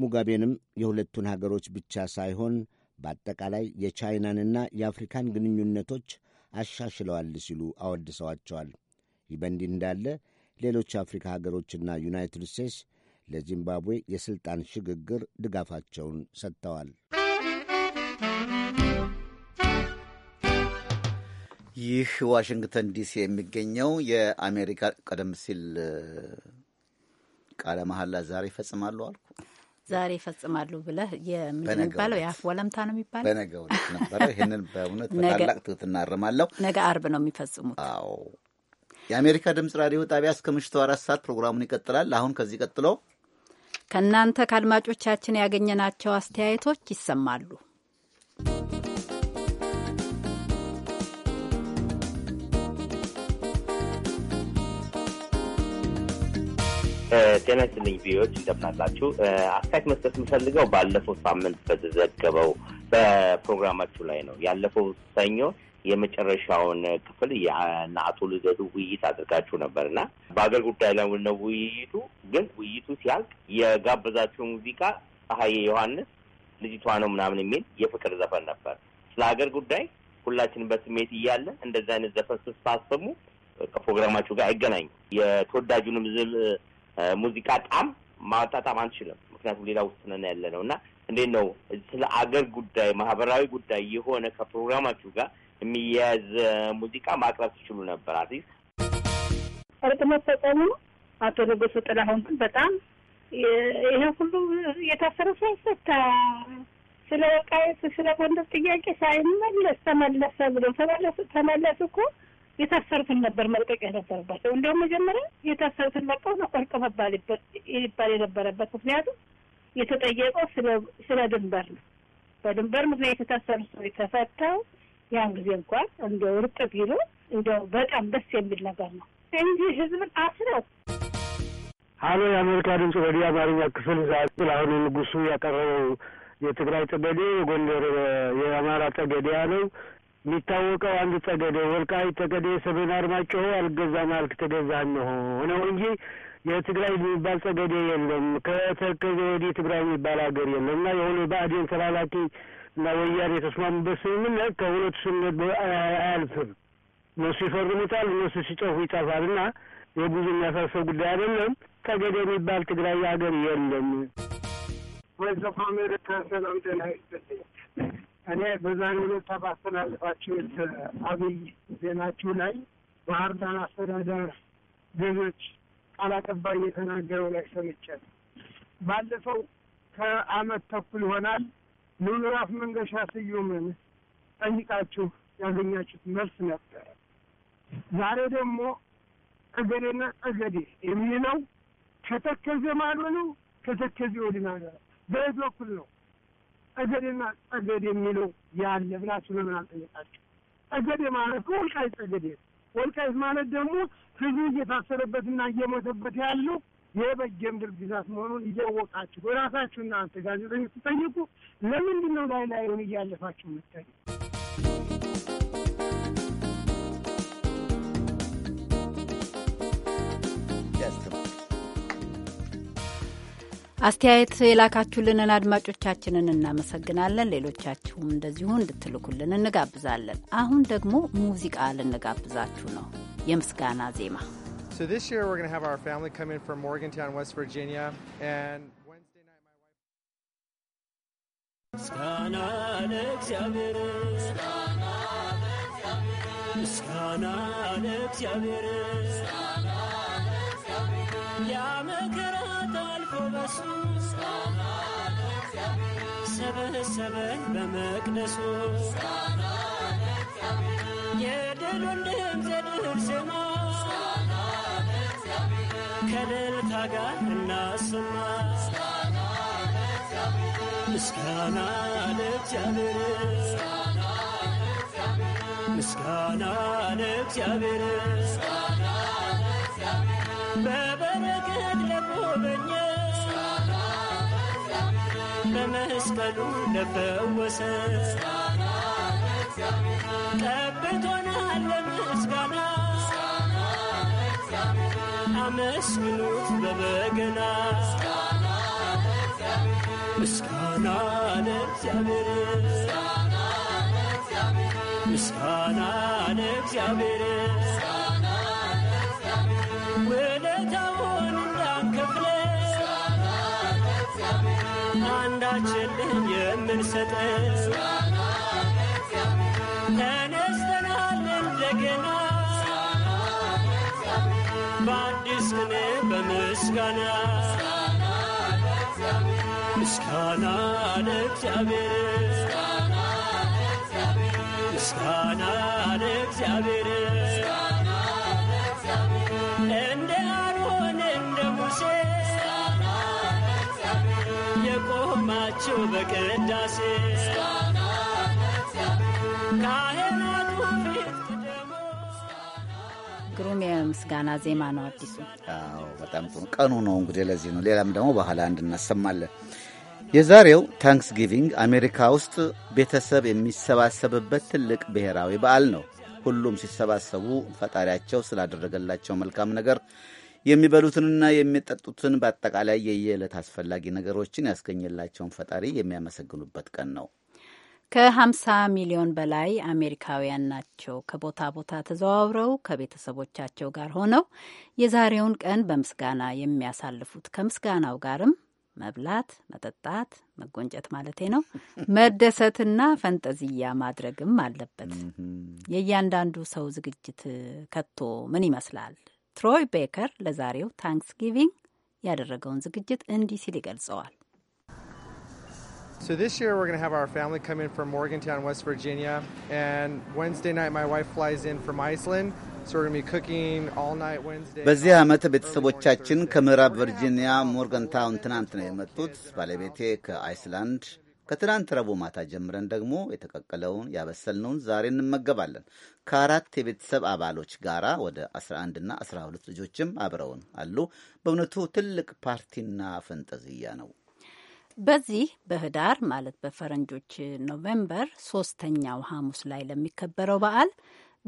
ሙጋቤንም የሁለቱን ሀገሮች ብቻ ሳይሆን በአጠቃላይ የቻይናንና የአፍሪካን ግንኙነቶች አሻሽለዋል ሲሉ አወድሰዋቸዋል። ይህ በእንዲህ እንዳለ ሌሎች አፍሪካ ሀገሮችና ዩናይትድ ስቴትስ ለዚምባብዌ የሥልጣን
ሽግግር ድጋፋቸውን ሰጥተዋል። ይህ ዋሽንግተን ዲሲ የሚገኘው የአሜሪካ ቀደም ሲል ቃለ መሐላ ዛሬ ይፈጽማሉ አልኩ
ዛሬ ይፈጽማሉ ብለህ የሚባለው የአፍ ወለምታ ነው የሚባለው። በነገ
ውለት ነበረ። ይህንን በእውነት በታላቅ ትህትና አርማለሁ። ነገ አርብ ነው የሚፈጽሙት። አዎ የአሜሪካ ድምጽ ራዲዮ ጣቢያ እስከ ምሽቱ አራት ሰዓት ፕሮግራሙን ይቀጥላል። አሁን ከዚህ ቀጥሎ
ከእናንተ ከአድማጮቻችን ያገኘናቸው አስተያየቶች ይሰማሉ።
ጤና ይስጥልኝ ቪዎች እንደምናላችሁ። አስተያየት መስጠት የምፈልገው ባለፈው ሳምንት በተዘገበው በፕሮግራማችሁ ላይ ነው። ያለፈው ሰኞ የመጨረሻውን ክፍል እና አቶ ልደቱ ውይይት አድርጋችሁ ነበር እና በሀገር ጉዳይ ላይ ነው ውይይቱ። ግን ውይይቱ ሲያልቅ የጋበዛቸው ሙዚቃ ፀሐዬ ዮሐንስ ልጅቷ ነው ምናምን የሚል የፍቅር ዘፈን ነበር። ስለ ሀገር ጉዳይ ሁላችንም በስሜት እያለ እንደዚህ አይነት ዘፈን ስታሰሙ ከፕሮግራማችሁ ጋር አይገናኝም። የተወዳጁንም ዝል ሙዚቃ ጣም ማጣጣም አንችልም፣ ምክንያቱም ሌላ ውስጥ ነን ያለ ነው እና እንዴት ነው ስለ አገር ጉዳይ ማህበራዊ ጉዳይ የሆነ ከፕሮግራማችሁ ጋር የሚያያዝ ሙዚቃ ማቅረብ ትችሉ ነበር። አዚዝ
እርቅ መፈጸሙ አቶ ንጉሱ ጥላሁን በጣም ይሄ ሁሉ የታሰረ ሳይፈታ ስለ ወቃየት ስለ ጎንደር ጥያቄ ሳይመለስ ተመለሰ ብሎ ተመለሱ እኮ የታሰሩትን ነበር መልቀቅ የነበረባቸው። እንዲያውም መጀመሪያ የታሰሩትን ለቀው ነው ቆርቅ መባል ይባል የነበረበት። ምክንያቱም የተጠየቀው ስለ ድንበር ነው። በድንበር ምክንያት የታሰሩ ሰው የተፈታው ያን ጊዜ እንኳን እንደ ርቅ ቢሉ እንደው በጣም ደስ የሚል ነገር ነው እንጂ ህዝብን አስረው
ሀሎ የአሜሪካ ድምጽ ወዲህ አማርኛ ክፍል ዛል አሁን ንጉሱ ያቀረበው የትግራይ ጠገዴ የጎንደር የአማራ ጠገዴ ያለው የሚታወቀው አንድ ጠገዴ ወልቃይ ጠገዴ ሰሜን አርማጭሆ አልገዛም አልክ ተገዛህ ነው እንጂ የትግራይ የሚባል ጸገዴ የለም። ከተከዘ ወዲህ ትግራይ የሚባል ሀገር የለም እና የሆነ ብአዴን ተላላኪ እና ወያኔ የተስማሙበት ስምምነት ከሁለቱ ስምምነት አያልፍም። እነሱ ይፈርሙታል፣ እነሱ ሲጮፉ ይጠፋል። እና የብዙ ብዙ የሚያሳሰብ ጉዳይ አይደለም። ጠገዴ የሚባል ትግራይ ሀገር የለም። ወይዘ አሜሪካ ሰላም ጤና ይስጥልኝ። እኔ በዛሬ ዕለት ባስተላለፋችሁት አብይ ዜናችሁ ላይ ባህር ዳር አስተዳደር ገዞች ቃል አቀባይ የተናገረው ላይ ሰምቻለሁ። ባለፈው ከአመት ተኩል ይሆናል ምዕራፍ መንገሻ ስዩምን ጠይቃችሁ ያገኛችሁት መልስ ነበረ። ዛሬ ደግሞ ጠገዴና እገዴ የሚለው ከተከዜ ማዶ ነው፣ ከተከዜ ወዲህ ማዶ ነው። በየት በኩል ነው ጠገዴና ጠገዴ የሚለው ያለ ብላችሁ ለምን አልጠየቃችሁ? ጠገዴ ማለት ከወልቃይት ጠገዴ፣ ወልቃይት ማለት ደግሞ ህዝቡ እየታሰረበትና እየሞተበት ያለው የበጀም ምድር መሆኑን እያወቃችሁ እራሳችሁ እናንተ ጋዜጠኞች ትጠይቁ። ለምንድን ነው ላይ ላይሆን እያለፋችሁ ምታይ
አስተያየት የላካችሁልንን አድማጮቻችንን እናመሰግናለን። ሌሎቻችሁም እንደዚሁ እንድትልኩልን እንጋብዛለን። አሁን ደግሞ ሙዚቃ ልንጋብዛችሁ ነው። የምስጋና ዜማ
So this year we're going to have our family come in from Morgantown, West Virginia, and Wednesday
night my wife. ከእልልታ ጋር እናሰማ ምስጋና ለእግዚአብሔር ምስጋና ለእግዚአብሔር በበረከት ለጎበኘ በመስቀሉ ለፈወሰ ጠብቶናል ለምስጋና አመስግኑት በበገና ምስጋና ለእግዚአብሔር ምስጋና ለእግዚአብሔር ውለታውን እንዳንከፍለ አንዳችንን የምንሰጠ በአዲስ ቅኔ በምስጋና ምስጋና ለእግዚአብሔር ምስጋና ለእግዚአብሔር እንደ አሮን እንደ ሙሴ
በቅዳሴ ግሩም የምስጋና ዜማ ነው። አዲሱ
በጣም ቀኑ ነው እንግዲህ ለዚህ ነው። ሌላም ደግሞ ባህላ አንድ እናሰማለን። የዛሬው ታንክስ ጊቪንግ አሜሪካ ውስጥ ቤተሰብ የሚሰባሰብበት ትልቅ ብሔራዊ በዓል ነው። ሁሉም ሲሰባሰቡ ፈጣሪያቸው ስላደረገላቸው መልካም ነገር የሚበሉትንና የሚጠጡትን በአጠቃላይ የየዕለት አስፈላጊ ነገሮችን ያስገኘላቸውን ፈጣሪ የሚያመሰግኑበት ቀን ነው።
ከ50 ሚሊዮን በላይ አሜሪካውያን ናቸው ከቦታ ቦታ ተዘዋውረው ከቤተሰቦቻቸው ጋር ሆነው የዛሬውን ቀን በምስጋና የሚያሳልፉት። ከምስጋናው ጋርም መብላት፣ መጠጣት፣ መጎንጨት ማለቴ ነው፣ መደሰትና ፈንጠዝያ ማድረግም አለበት። የእያንዳንዱ ሰው ዝግጅት ከቶ ምን ይመስላል? ትሮይ ቤከር ለዛሬው ታንክስጊቪንግ ያደረገውን ዝግጅት እንዲህ ሲል ይገልጸዋል።
So this year we're going to have our family come in from Morgantown, West Virginia, and Wednesday night my wife flies in from Iceland. በዚህ
ዓመት ቤተሰቦቻችን ከምዕራብ ቨርጂኒያ ሞርጋንታውን ትናንት ነው የመጡት። ባለቤቴ ከአይስላንድ። ከትናንት ረቡዕ ማታ ጀምረን ደግሞ የተቀቀለውን ያበሰልነውን ዛሬ እንመገባለን። ከአራት የቤተሰብ አባሎች ጋራ ወደ 11ና 12 ልጆችም አብረውን አሉ። በእውነቱ ትልቅ ፓርቲና ፈንጠዝያ ነው።
በዚህ በህዳር ማለት በፈረንጆች ኖቬምበር ሶስተኛው ሐሙስ ላይ ለሚከበረው በዓል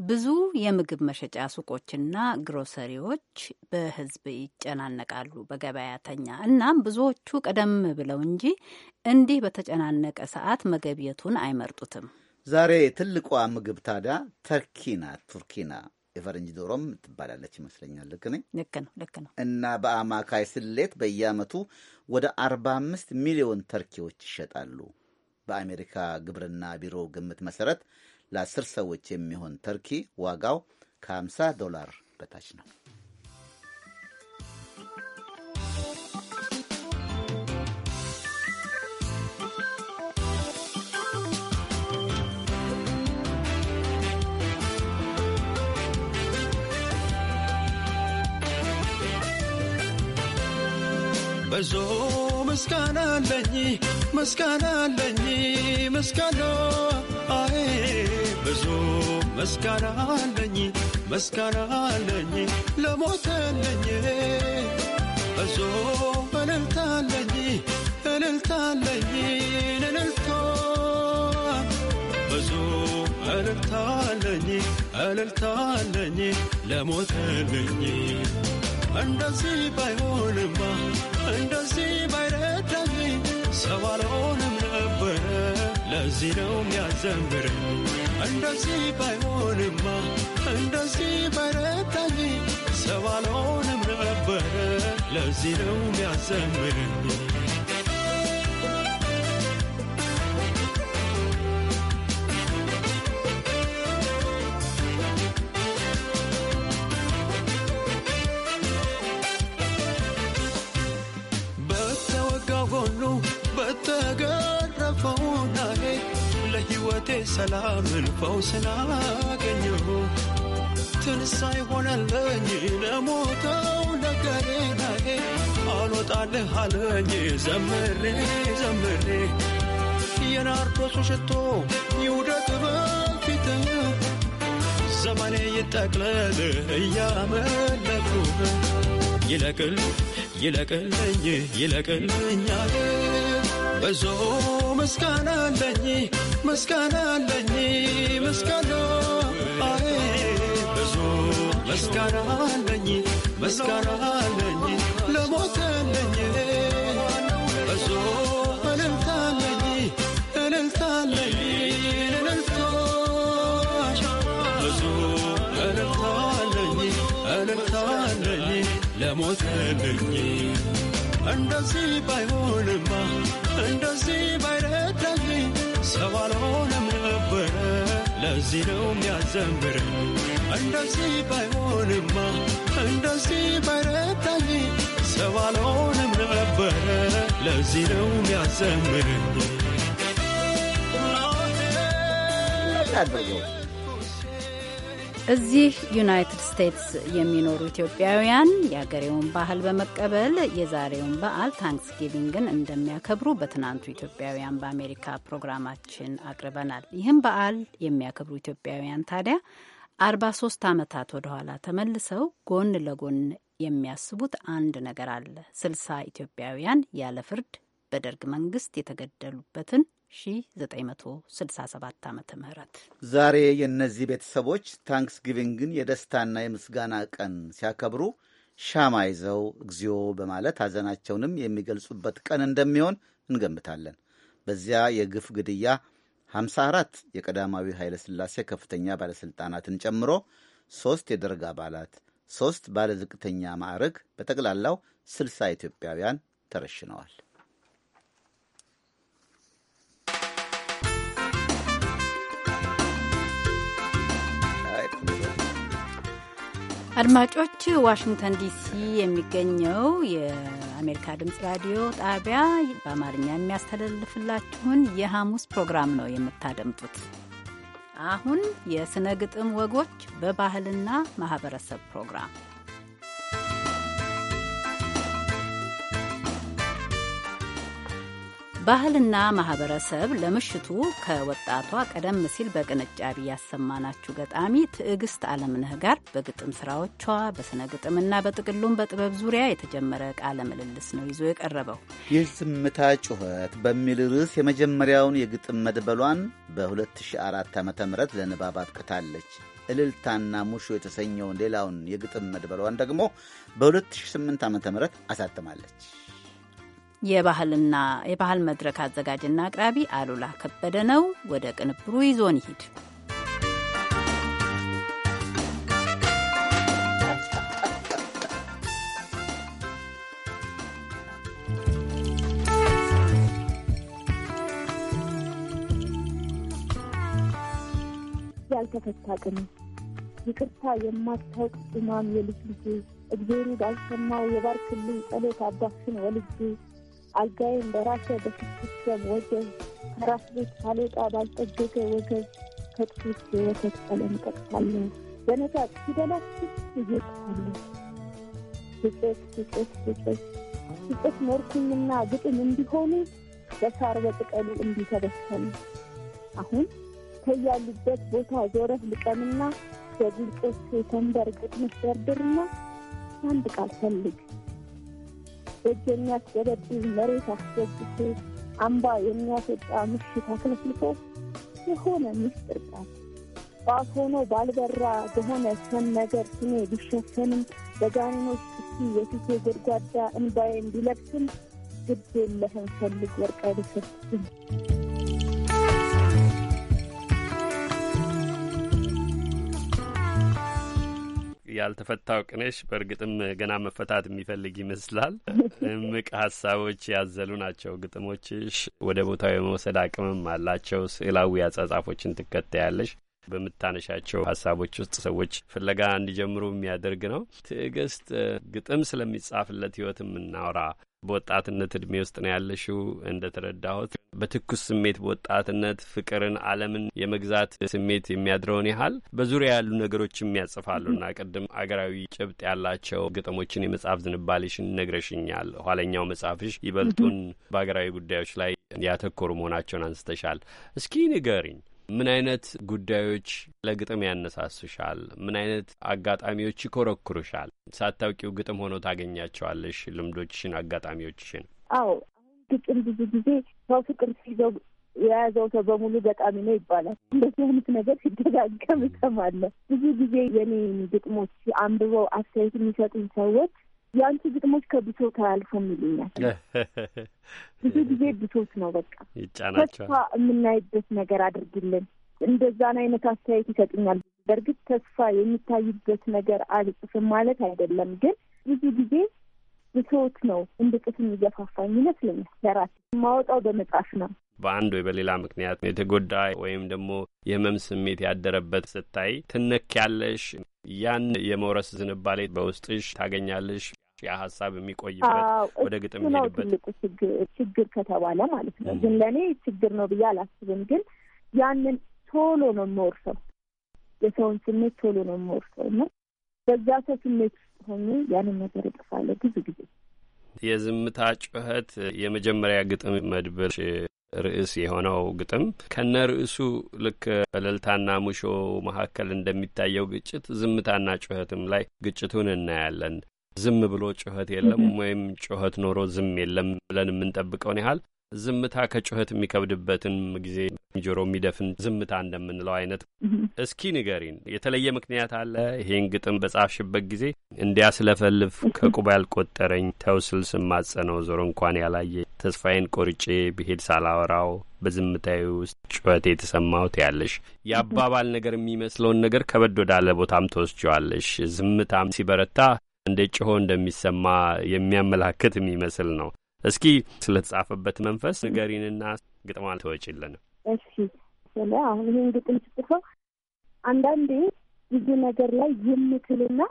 ብዙ የምግብ መሸጫ ሱቆችና ግሮሰሪዎች በህዝብ ይጨናነቃሉ በገበያተኛ። እናም ብዙዎቹ ቀደም ብለው እንጂ እንዲህ በተጨናነቀ ሰዓት መገብየቱን አይመርጡትም። ዛሬ ትልቋ
ምግብ ታዲያ ተርኪና ቱርኪና የፈረንጅ ዶሮም ትባላለች ይመስለኛል። ልክ ነኝ? ልክ ነው፣ ልክ ነው። እና በአማካይ ስሌት በየአመቱ ወደ አርባ አምስት ሚሊዮን ተርኪዎች ይሸጣሉ። በአሜሪካ ግብርና ቢሮ ግምት መሰረት ለአስር ሰዎች የሚሆን ተርኪ ዋጋው ከ50 ዶላር በታች ነው።
ብዙ ምስጋና አለኝ ምስጋና አለኝ ምስጋና አይ ብዙ ምስጋና አለኝ ምስጋና አለኝ ለሞተልኝ ብዙ እልልታ አለኝ እልልታ አለኝ እልልታ ብዙ እልልታ አለኝ እልልታ አለኝ ለሞተልኝ እንደዚህ ባይሆንማ እንደዚህ ባይረዳኝ ሰው አልሆንም ነበረ ለዚህ ነው የሚያዘምር እንደዚህ ባይሆንማ እንደዚህ ባይረዳኝ ሰው አልሆንም ነበረ ለዚህ ነው የሚያዘምር ነው ስላገኘሁ ትንሣኤ ሆነለኝ ለሞተው ነገሬናዬ አልወጣልህ አለኝ ዘምሬ ዘምሬ የናርዶሱ ሽቶ ይውደቅ በፊት ዘመኔ ይጠቅለል እያመለኩህ ይለቅል ይለቅልኝ ይለቅልኛል ብዙ ምስጋና አለኝ ምስጋና አለኝ ምስጋና አይ ብዙ ምስጋና አለኝ ምስጋና አለኝ ለሞተልኝ ብዙ እልልታ አለኝ እልልታ አለኝ እልልታ ብዙ እልልታ አለኝ እልልታ አለኝ ለሞተልኝ እንደዚህ ባይሆንማ እንደዚህ ባይረዳኝ ሰው አልሆነም ነበረ ለዚህ ነው የሚያዘምር እንደዚህ ባይሆንማ እንደዚህ
ባይረዳኝ
ሰው አልሆነም ነበረ ለዚህ ነው የሚያዘምር
እዚህ ዩናይትድ ስቴትስ የሚኖሩ ኢትዮጵያውያን የአገሬውን ባህል በመቀበል የዛሬውን በዓል ታንክስጊቪንግን እንደሚያከብሩ በትናንቱ ኢትዮጵያውያን በአሜሪካ ፕሮግራማችን አቅርበናል። ይህም በዓል የሚያከብሩ ኢትዮጵያውያን ታዲያ አርባ ሶስት ዓመታት ወደኋላ ተመልሰው ጎን ለጎን የሚያስቡት አንድ ነገር አለ። ስልሳ ኢትዮጵያውያን ያለ ፍርድ በደርግ መንግስት የተገደሉበትን 1967 ዓ ም
ዛሬ የእነዚህ ቤተሰቦች ታንክስ ጊቪንግን የደስታና የምስጋና ቀን ሲያከብሩ ሻማ ይዘው እግዚኦ በማለት ሐዘናቸውንም የሚገልጹበት ቀን እንደሚሆን እንገምታለን። በዚያ የግፍ ግድያ 54 የቀዳማዊ ኃይለ ሥላሴ ከፍተኛ ባለሥልጣናትን ጨምሮ ሦስት የደርግ አባላት፣ ሦስት ባለዝቅተኛ ማዕረግ በጠቅላላው 60 ኢትዮጵያውያን ተረሽነዋል።
አድማጮች ዋሽንግተን ዲሲ የሚገኘው የአሜሪካ ድምፅ ራዲዮ ጣቢያ በአማርኛ የሚያስተላልፍላችሁን የሐሙስ ፕሮግራም ነው የምታደምጡት። አሁን የሥነ ግጥም ወጎች በባህልና ማኅበረሰብ ፕሮግራም ባህልና ማህበረሰብ ለምሽቱ ከወጣቷ ቀደም ሲል በቅንጫቢ ያሰማናችሁ ገጣሚ ትዕግስት አለምነህ ጋር በግጥም ስራዎቿ በሥነ ግጥምና በጥቅሉም በጥበብ ዙሪያ የተጀመረ ቃለ ምልልስ ነው ይዞ የቀረበው።
ይህ ዝምታ ጩኸት በሚል ርዕስ የመጀመሪያውን የግጥም መድበሏን በ2004 ዓ ም ለንባብ አብቅታለች። እልልታና ሙሾ የተሰኘውን ሌላውን የግጥም መድበሏን ደግሞ በ2008 ዓ ም አሳትማለች።
የባህልና የባህል መድረክ አዘጋጅና አቅራቢ አሉላ ከበደ ነው። ወደ ቅንብሩ ይዞን ይሂድ።
ያልተፈታ ቅኔ ይቅርታ የማታውቅ ጽማም የልጅ ልጅ እግዜሩ ባልሰማው የባርክልኝ ጸሎት አባሽን ወልጅ አልጋዬን በራሴ በስስሰብ ወገብ ከራስ ቤት ሳልወጣ ባልጠገገ ወገብ ከጥፊት የወተት ቀለም ቀጥታለሁ። በነታ ፊደላት ስስ እየጥፋለሁ። ብጽት ብጽት ግጭት ብጽት ኖርኩኝና ግጥም እንዲሆኑ በሳር በቅጠሉ እንዲተበሰሉ አሁን ከያሉበት ቦታ ዞረህ ልቀምና የተንበር ግጥም ደርድርና አንድ ቃል ፈልግ እጅ የሚያስደበድብ መሬት አስደግፌ አምባ የሚያስወጣ ምሽት አክለፍልፎ የሆነ ምስጢር ቃል ባፍ ሆኖ ባልበራ በሆነ ሰም ነገር ስሜ ቢሸፈንም በጋኔኖች እስቲ የፊቴ ጎድጓዳ እንባዬን ቢለብስም ግድ የለህም ፈልግ ወርቀ ሊሰትስም
ያልተፈታው ቅንሽ በእርግጥም ገና መፈታት የሚፈልግ ይመስላል። እምቅ ሀሳቦች ያዘሉ ናቸው ግጥሞችሽ። ወደ ቦታው የመውሰድ አቅምም አላቸው። ስዕላዊ አጻጻፎችን ትከታያለሽ። በምታነሻቸው ሀሳቦች ውስጥ ሰዎች ፍለጋ እንዲጀምሩ የሚያደርግ ነው። ትዕግስት፣ ግጥም ስለሚጻፍለት ህይወት እናውራ። በወጣትነት እድሜ ውስጥ ነው ያለሽው እንደ ተረዳሁት። በትኩስ ስሜት በወጣትነት ፍቅርን፣ ዓለምን የመግዛት ስሜት የሚያድረውን ያህል በዙሪያ ያሉ ነገሮችም ያጽፋሉና ቅድም አገራዊ ጭብጥ ያላቸው ግጥሞችን የመጽሐፍ ዝንባሌሽን ነግረሽኛል። ኋለኛው መጽሐፍሽ ይበልጡን በአገራዊ ጉዳዮች ላይ ያተኮሩ መሆናቸውን አንስተሻል። እስኪ ንገሪኝ ምን አይነት ጉዳዮች ለግጥም ያነሳሱሻል? ምን አይነት አጋጣሚዎች ይኮረኩሩሻል? ሳታውቂው ግጥም ሆኖ ታገኛቸዋለሽ? ልምዶችሽን፣ አጋጣሚዎችሽን።
አዎ ግጥም ብዙ ጊዜ ሰው ፍቅር ሲይዘው የያዘው ሰው በሙሉ ገጣሚ ነው ይባላል። እንደዚህ አይነት ነገር ሲደጋገም እሰማለሁ። ብዙ ጊዜ የኔ ግጥሞች አንብበው አስተያየት የሚሰጡኝ ሰዎች የአንቺ ግጥሞች ከብሶት አያልፉም ይሉኛል። ብዙ ጊዜ ብሶት ነው በቃ ተስፋ የምናይበት ነገር አድርግልን። እንደዛን አይነት አስተያየት ይሰጡኛል። በእርግጥ ተስፋ የሚታይበት ነገር አልጽፍም ማለት አይደለም፣ ግን ብዙ ጊዜ ብሶት ነው እንድጽፍ የሚገፋፋኝ ይመስለኛል። ለራሴ የማወጣው በመጻፍ ነው።
በአንድ ወይ በሌላ ምክንያት የተጎዳ ወይም ደግሞ የህመም ስሜት ያደረበት ስታይ ያለሽ ያን የመውረስ ዝንባሌ በውስጥሽ ታገኛለሽ። ያ ሀሳብ የሚቆይበት ወደ ግጥም የሚሄድበት
ትልቁ ችግር ከተባለ ማለት ነው። ግን ለእኔ ችግር ነው ብዬ አላስብም። ግን ያንን ቶሎ ነው የምወርሰው፣ የሰውን ስሜት ቶሎ ነው የምወርሰው እና በዛ ሰው ስሜት ውስጥ ሆኜ ያንን ነገር እጥፋለሁ ብዙ ጊዜ።
የዝምታ ጩኸት የመጀመሪያ ግጥም መድብር ርዕስ የሆነው ግጥም ከነ ርዕሱ ልክ እልልታና ሙሾ መካከል እንደሚታየው ግጭት ዝምታና ጩኸትም ላይ ግጭቱን እናያለን። ዝም ብሎ ጩኸት የለም ወይም ጩኸት ኖሮ ዝም የለም ብለን የምንጠብቀውን ያህል ዝምታ ከጩኸት የሚከብድበትን ጊዜ ጆሮ የሚደፍን ዝምታ እንደምንለው አይነት። እስኪ ንገሪን፣ የተለየ ምክንያት አለ? ይሄን ግጥም በጻፍሽበት ጊዜ እንዲያስለፈልፍ ከቁብ ያልቆጠረኝ ተው ስል ስማጸነው ዞሮ እንኳን ያላየ ተስፋዬን ቆርጬ ብሄድ ሳላወራው በዝምታዊ ውስጥ ጩኸት የተሰማሁት ያለሽ የአባባል ነገር የሚመስለውን ነገር ከበድ ወዳለ ቦታም ተወስጀዋለሽ። ዝምታም ሲበረታ እንደ ጭሆ እንደሚሰማ የሚያመላክት የሚመስል ነው። እስኪ ስለ ተጻፈበት መንፈስ ንገሪንና ግጥማ ተወጪልን።
እሺ ስለ አሁን ይህን ግጥም ስጽፈው አንዳንዴ ብዙ ነገር ላይ የምትልና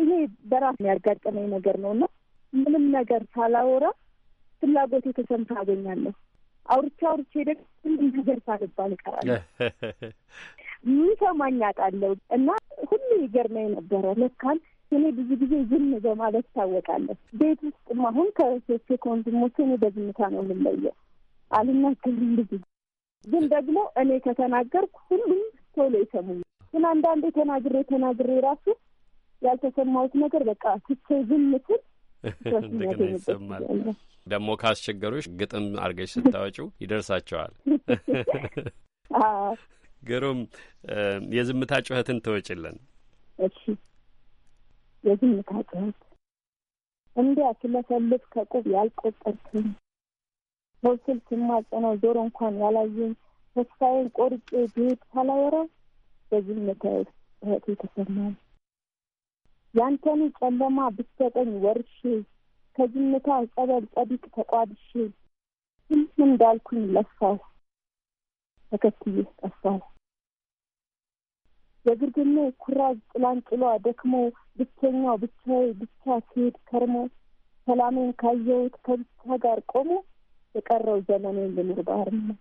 ይሄ በራስ ያጋጠመኝ ነገር ነው እና ምንም ነገር ሳላወራ ፍላጎቴ ተሰምታ አገኛለሁ። አውርቼ አውርቼ ደግሞ ምንም ነገር ሳልባል እቀራለሁ። ምን ሰማኝ አጣለሁ እና ሁሉ ይገርመኝ ነበረ ለካል እኔ ብዙ ጊዜ ዝም በማለት እታወቃለሁ። ቤት ውስጥ አሁን ከሴት ከወንድሞቼ እኔ በዝምታ ነው የምለየው፣ አልናገርም ብዙ ግን ደግሞ እኔ ከተናገርኩ ሁሉም ቶሎ ይሰሙኝ። ግን አንዳንዴ ተናግሬ ተናግሬ ራሱ ያልተሰማሁት ነገር በቃ ትቼ ዝም ስል
እንደገና ይሰማል። ደግሞ ካስቸገሮች ግጥም አድርገሽ ስታወጪው ይደርሳቸዋል። ግሩም የዝምታ ጩኸትን ተወጪልን።
እሺ የዝምታ ጩኸት እንዲያ ስለፈልፍ ከቁብ ያልቆጠርክኝ በውስል ስማጸነው ዞሮ እንኳን ያላየኝ ተስፋዬን ቆርጬ ብሄድ ካላወራው በዝምታ ጩኸቴ ተሰማኝ። ያንተኑ ጨለማ ብትሰጠኝ ወርሼ ከዝምታ ጸበል ጸዲቅ ተቋድሼ ምን እንዳልኩኝ ለፋው ተከትዬ ጠፋሁ። በግርግሜ ኩራዝ ጭላንጭሏ ደክሞ ብቸኛው ብቻዬ ብቻ ሲሄድ ከርሞ ሰላሜን ካየሁት ከብቻ ጋር ቆሞ የቀረው ዘመኔን ልኑር ባህር ነው።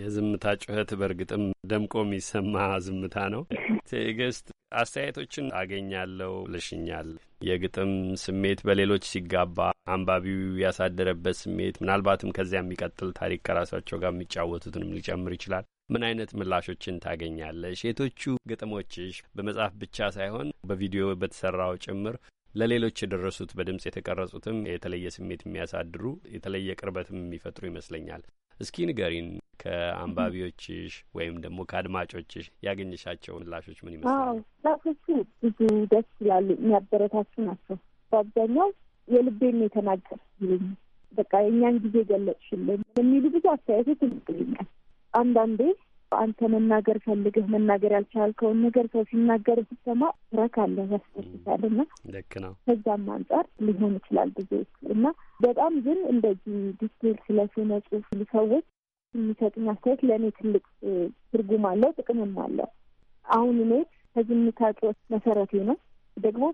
የዝምታ ጩኸት በእርግጥም ደምቆ የሚሰማ ዝምታ ነው። ትዕግስት፣ አስተያየቶችን አገኛለሁ ልሽኛል። የግጥም ስሜት በሌሎች ሲጋባ አንባቢው ያሳደረበት ስሜት ምናልባትም ከዚያ የሚቀጥል ታሪክ ከራሳቸው ጋር የሚጫወቱትንም ሊጨምር ይችላል። ምን አይነት ምላሾችን ታገኛለሽ? የቶቹ ግጥሞችሽ በመጽሐፍ ብቻ ሳይሆን በቪዲዮ በተሰራው ጭምር ለሌሎች የደረሱት በድምፅ የተቀረጹትም የተለየ ስሜት የሚያሳድሩ የተለየ ቅርበትም የሚፈጥሩ ይመስለኛል። እስኪ ንገሪን ከአንባቢዎችሽ ወይም ደግሞ ከአድማጮችሽ ያገኘሻቸው ምላሾች ምን ይመስላል?
ላሾቹ ብዙ ደስ ይላሉ፣ የሚያበረታቱ ናቸው። በአብዛኛው የልቤን የተናገር በቃ የእኛን ጊዜ ገለጽሽልን የሚሉ ብዙ አስተያየቶች ይመስለኛል። አንዳንዴ አንተ መናገር ፈልግህ መናገር ያልቻልከውን ነገር ሰው ሲናገር ሲሰማ ረክ አለ ያስፈልጋል እና ልክ ነው። ከዛም አንጻር ሊሆን ይችላል ብዙ እና በጣም ግን እንደዚህ ዲስቴል ስለ ስነ ጽሁፍ ሰዎች የሚሰጡኝ አስተያየት ለእኔ ትልቅ ትርጉም አለው ጥቅምም አለው። አሁን እኔ ከዝምታ ጩኸት መሰረቴ ነው ደግሞ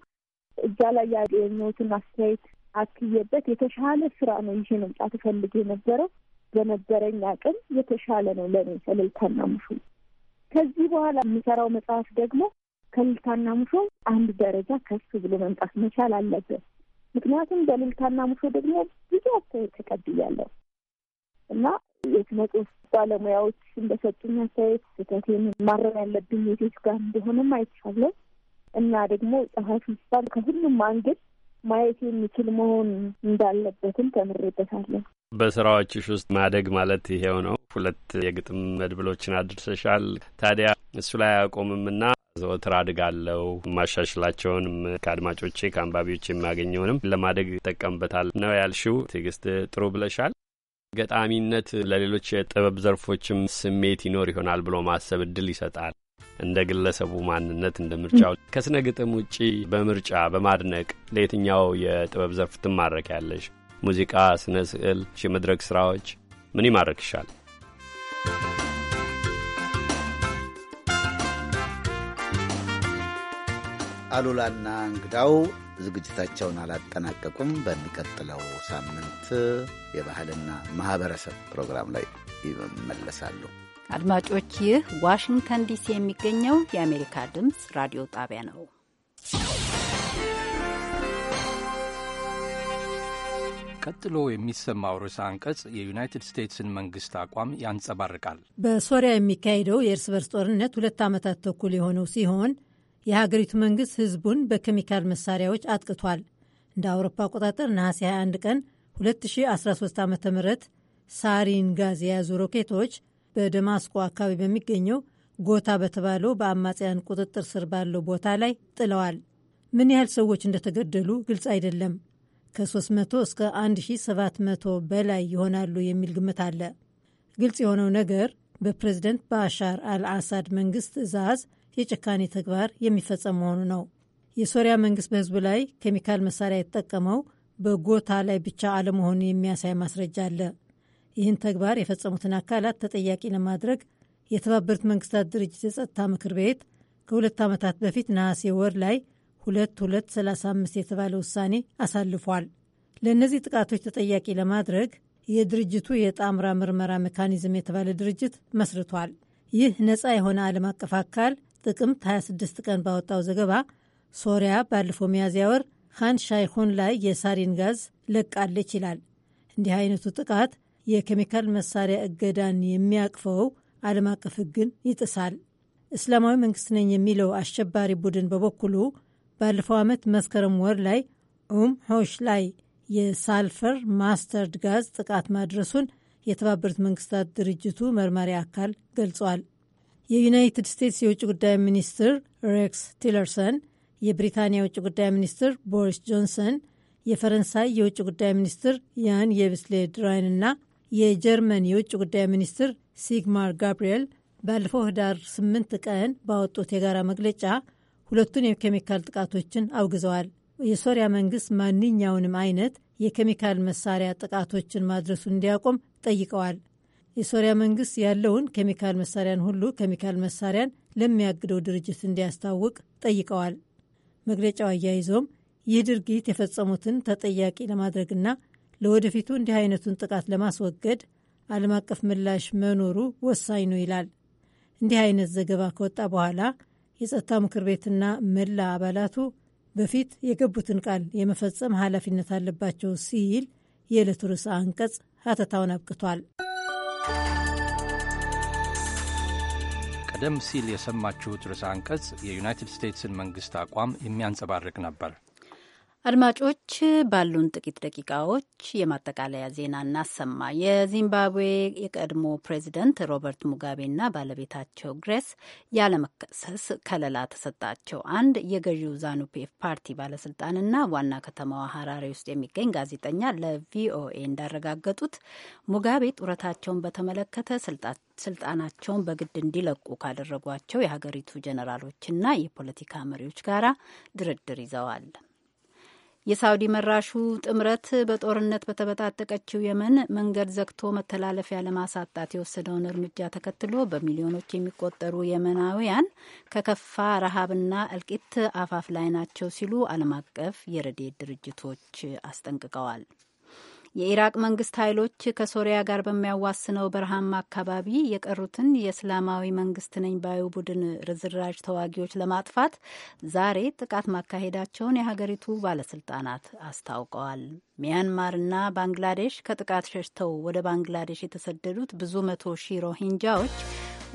እዛ ላይ ያገኘሁትን አስተያየት አክዬበት የተሻለ ስራ ነው ይሄ መምጣት እፈልግ የነበረው በነበረኝ አቅም የተሻለ ነው ለእኔ ከልልታና ሙሾ። ከዚህ በኋላ የሚሰራው መጽሐፍ ደግሞ ከልልታና ሙሾ አንድ ደረጃ ከፍ ብሎ መምጣት መቻል አለበት። ምክንያቱም በልልታና ሙሾ ደግሞ ብዙ አስተያየት ተቀብያለሁ እና የስነ ጽሑፍ ባለሙያዎች እንደሰጡኝ አስተያየት ስህተቴን ማረም ያለብኝ የሴት ጋር እንደሆነም አይቻለሁ እና ደግሞ ጸሐፊ ሲባል ከሁሉም አንግል ማየት የሚችል መሆን እንዳለበትም ተምሬበታለሁ።
በስራዎችሽ ውስጥ ማደግ ማለት ይሄው ነው። ሁለት የግጥም መድብሎችን አድርሰሻል። ታዲያ እሱ ላይ አያቆምምና ዘወትር አድጋለሁ፣ ማሻሽላቸውንም ከአድማጮቼ ከአንባቢዎች የሚያገኘውንም ለማደግ ይጠቀምበታል ነው ያልሽው። ትዕግስት ጥሩ ብለሻል። ገጣሚነት ለሌሎች የጥበብ ዘርፎችም ስሜት ይኖር ይሆናል ብሎ ማሰብ እድል ይሰጣል። እንደ ግለሰቡ ማንነት እንደ ምርጫው ከስነ ግጥም ውጪ በምርጫ በማድነቅ ለየትኛው የጥበብ ዘርፍ ትማረክ ያለሽ? ሙዚቃ፣ ስነ ስዕል፣ የመድረክ ስራዎች ምን ይማርክሻል
አሉላና እንግዳው ዝግጅታቸውን አላጠናቀቁም። በሚቀጥለው ሳምንት የባህልና ማህበረሰብ
ፕሮግራም ላይ ይመለሳሉ። አድማጮች፣ ይህ ዋሽንግተን ዲሲ የሚገኘው የአሜሪካ ድምፅ ራዲዮ ጣቢያ ነው።
ቀጥሎ የሚሰማው ርዕሰ አንቀጽ የዩናይትድ ስቴትስን መንግስት አቋም ያንጸባርቃል።
በሶሪያ የሚካሄደው የእርስ በርስ ጦርነት ሁለት ዓመታት ተኩል የሆነው ሲሆን የሀገሪቱ መንግስት ህዝቡን በኬሚካል መሳሪያዎች አጥቅቷል። እንደ አውሮፓ አቆጣጠር ነሐሴ 21 ቀን 2013 ዓ ም ሳሪን ጋዝ የያዙ ሮኬቶች በደማስቆ አካባቢ በሚገኘው ጎታ በተባለው በአማጽያን ቁጥጥር ስር ባለው ቦታ ላይ ጥለዋል። ምን ያህል ሰዎች እንደተገደሉ ግልጽ አይደለም። ከ300 እስከ 1700 በላይ ይሆናሉ የሚል ግምት አለ። ግልጽ የሆነው ነገር በፕሬዝደንት ባሻር አልአሳድ መንግስት እዛዝ የጭካኔ ተግባር የሚፈጸም መሆኑ ነው። የሶሪያ መንግስት በህዝቡ ላይ ኬሚካል መሳሪያ የተጠቀመው በጎታ ላይ ብቻ አለመሆኑ የሚያሳይ ማስረጃ አለ። ይህን ተግባር የፈጸሙትን አካላት ተጠያቂ ለማድረግ የተባበሩት መንግስታት ድርጅት የጸጥታ ምክር ቤት ከሁለት ዓመታት በፊት ነሐሴ ወር ላይ 2235 የተባለ ውሳኔ አሳልፏል። ለእነዚህ ጥቃቶች ተጠያቂ ለማድረግ የድርጅቱ የጣምራ ምርመራ ሜካኒዝም የተባለ ድርጅት መስርቷል። ይህ ነፃ የሆነ ዓለም አቀፍ አካል ጥቅምት 26 ቀን ባወጣው ዘገባ ሶሪያ ባለፈው ሚያዝያ ወር ካን ሻይሁን ላይ የሳሪን ጋዝ ለቃለች ይላል። እንዲህ አይነቱ ጥቃት የኬሚካል መሳሪያ እገዳን የሚያቅፈው ዓለም አቀፍ ሕግን ይጥሳል። እስላማዊ መንግስት ነኝ የሚለው አሸባሪ ቡድን በበኩሉ ባለፈው ዓመት መስከረም ወር ላይ ኡም ሆሽ ላይ የሳልፈር ማስተርድ ጋዝ ጥቃት ማድረሱን የተባበሩት መንግስታት ድርጅቱ መርማሪ አካል ገልጿል። የዩናይትድ ስቴትስ የውጭ ጉዳይ ሚኒስትር ሬክስ ቲለርሰን፣ የብሪታንያ የውጭ ጉዳይ ሚኒስትር ቦሪስ ጆንሰን፣ የፈረንሳይ የውጭ ጉዳይ ሚኒስትር ያን የብስሌ ድራይን እና የጀርመን የውጭ ጉዳይ ሚኒስትር ሲግማር ጋብርኤል ባለፈው ህዳር 8 ቀን ባወጡት የጋራ መግለጫ ሁለቱን የኬሚካል ጥቃቶችን አውግዘዋል። የሶሪያ መንግስት ማንኛውንም አይነት የኬሚካል መሳሪያ ጥቃቶችን ማድረሱን እንዲያቆም ጠይቀዋል። የሶሪያ መንግስት ያለውን ኬሚካል መሳሪያን ሁሉ ኬሚካል መሳሪያን ለሚያግደው ድርጅት እንዲያስታውቅ ጠይቀዋል። መግለጫው አያይዞም ይህ ድርጊት የፈጸሙትን ተጠያቂ ለማድረግና ለወደፊቱ እንዲህ አይነቱን ጥቃት ለማስወገድ ዓለም አቀፍ ምላሽ መኖሩ ወሳኝ ነው ይላል። እንዲህ አይነት ዘገባ ከወጣ በኋላ የጸጥታ ምክር ቤትና መላ አባላቱ በፊት የገቡትን ቃል የመፈጸም ኃላፊነት አለባቸው ሲል የዕለቱ ርዕሰ አንቀጽ ሀተታውን አብቅቷል።
ቀደም ሲል የሰማችሁት ርዕሰ አንቀጽ የዩናይትድ ስቴትስን መንግሥት አቋም የሚያንጸባርቅ ነበር።
አድማጮች ባሉን ጥቂት ደቂቃዎች የማጠቃለያ ዜና እናሰማ። የዚምባብዌ የቀድሞ ፕሬዚደንት ሮበርት ሙጋቤና ባለቤታቸው ግሬስ ያለመከሰስ ከለላ ተሰጣቸው። አንድ የገዢው ዛኑፒኤፍ ፓርቲ ባለስልጣንና ዋና ከተማዋ ሀራሬ ውስጥ የሚገኝ ጋዜጠኛ ለቪኦኤ እንዳረጋገጡት ሙጋቤ ጡረታቸውን በተመለከተ ስልጣናቸውን በግድ እንዲለቁ ካደረጓቸው የሀገሪቱ ጀኔራሎችና የፖለቲካ መሪዎች ጋራ ድርድር ይዘዋል። የሳውዲ መራሹ ጥምረት በጦርነት በተበጣጠቀችው የመን መንገድ ዘግቶ መተላለፊያ ለማሳጣት የወሰደውን እርምጃ ተከትሎ በሚሊዮኖች የሚቆጠሩ የመናውያን ከከፋ ረሃብና እልቂት አፋፍ ላይ ናቸው ሲሉ ዓለም አቀፍ የረድኤት ድርጅቶች አስጠንቅቀዋል። የኢራቅ መንግስት ኃይሎች ከሶሪያ ጋር በሚያዋስነው በረሃማ አካባቢ የቀሩትን የእስላማዊ መንግስት ነኝ ባዩ ቡድን ርዝራዥ ተዋጊዎች ለማጥፋት ዛሬ ጥቃት ማካሄዳቸውን የሀገሪቱ ባለስልጣናት አስታውቀዋል። ሚያንማርና ባንግላዴሽ ከጥቃት ሸሽተው ወደ ባንግላዴሽ የተሰደዱት ብዙ መቶ ሺ ሮሂንጃዎች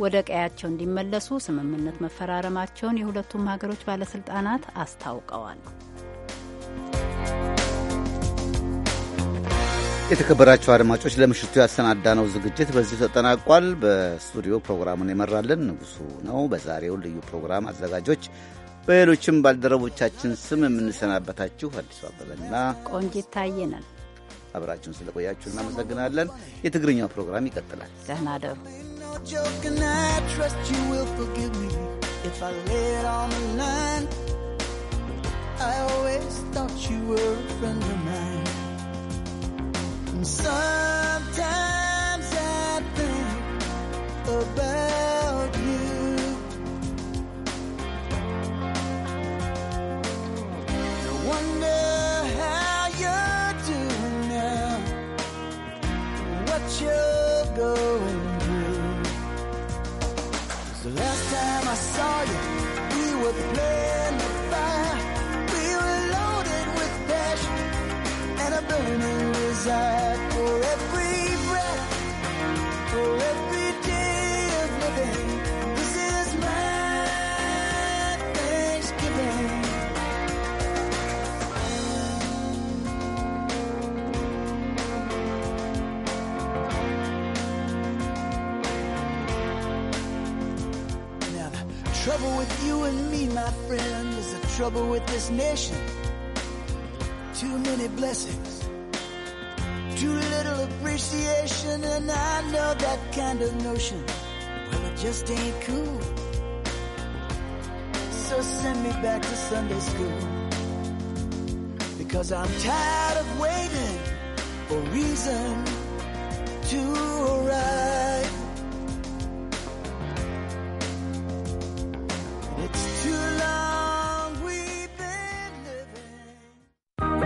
ወደ ቀያቸው እንዲመለሱ ስምምነት መፈራረማቸውን የሁለቱም ሀገሮች ባለስልጣናት አስታውቀዋል።
የተከበራቸው አድማጮች ለምሽቱ ያሰናዳነው ዝግጅት በዚሁ ተጠናቋል። በስቱዲዮ ፕሮግራሙን የመራልን ንጉሱ ነው። በዛሬው ልዩ ፕሮግራም አዘጋጆች በሌሎችም ባልደረቦቻችን ስም የምንሰናበታችሁ አዲሱ አበበና
ቆንጂት ታየ
አብራችሁን ስለቆያችሁ እናመሰግናለን። የትግርኛው
ፕሮግራም ይቀጥላል። ደህና ደሩ
I always thought you were a friend of mine. Sometimes I think about you. I wonder how you're doing now, what you're
going through. the last time I saw you, we were playing the fire. We were loaded with passion and a burning desire.
my friend, is the trouble with this nation. Too many blessings, too little appreciation, and I know that kind of notion. Well, it just ain't cool. So send me back to Sunday school. Because I'm tired of waiting for reason to
arrive.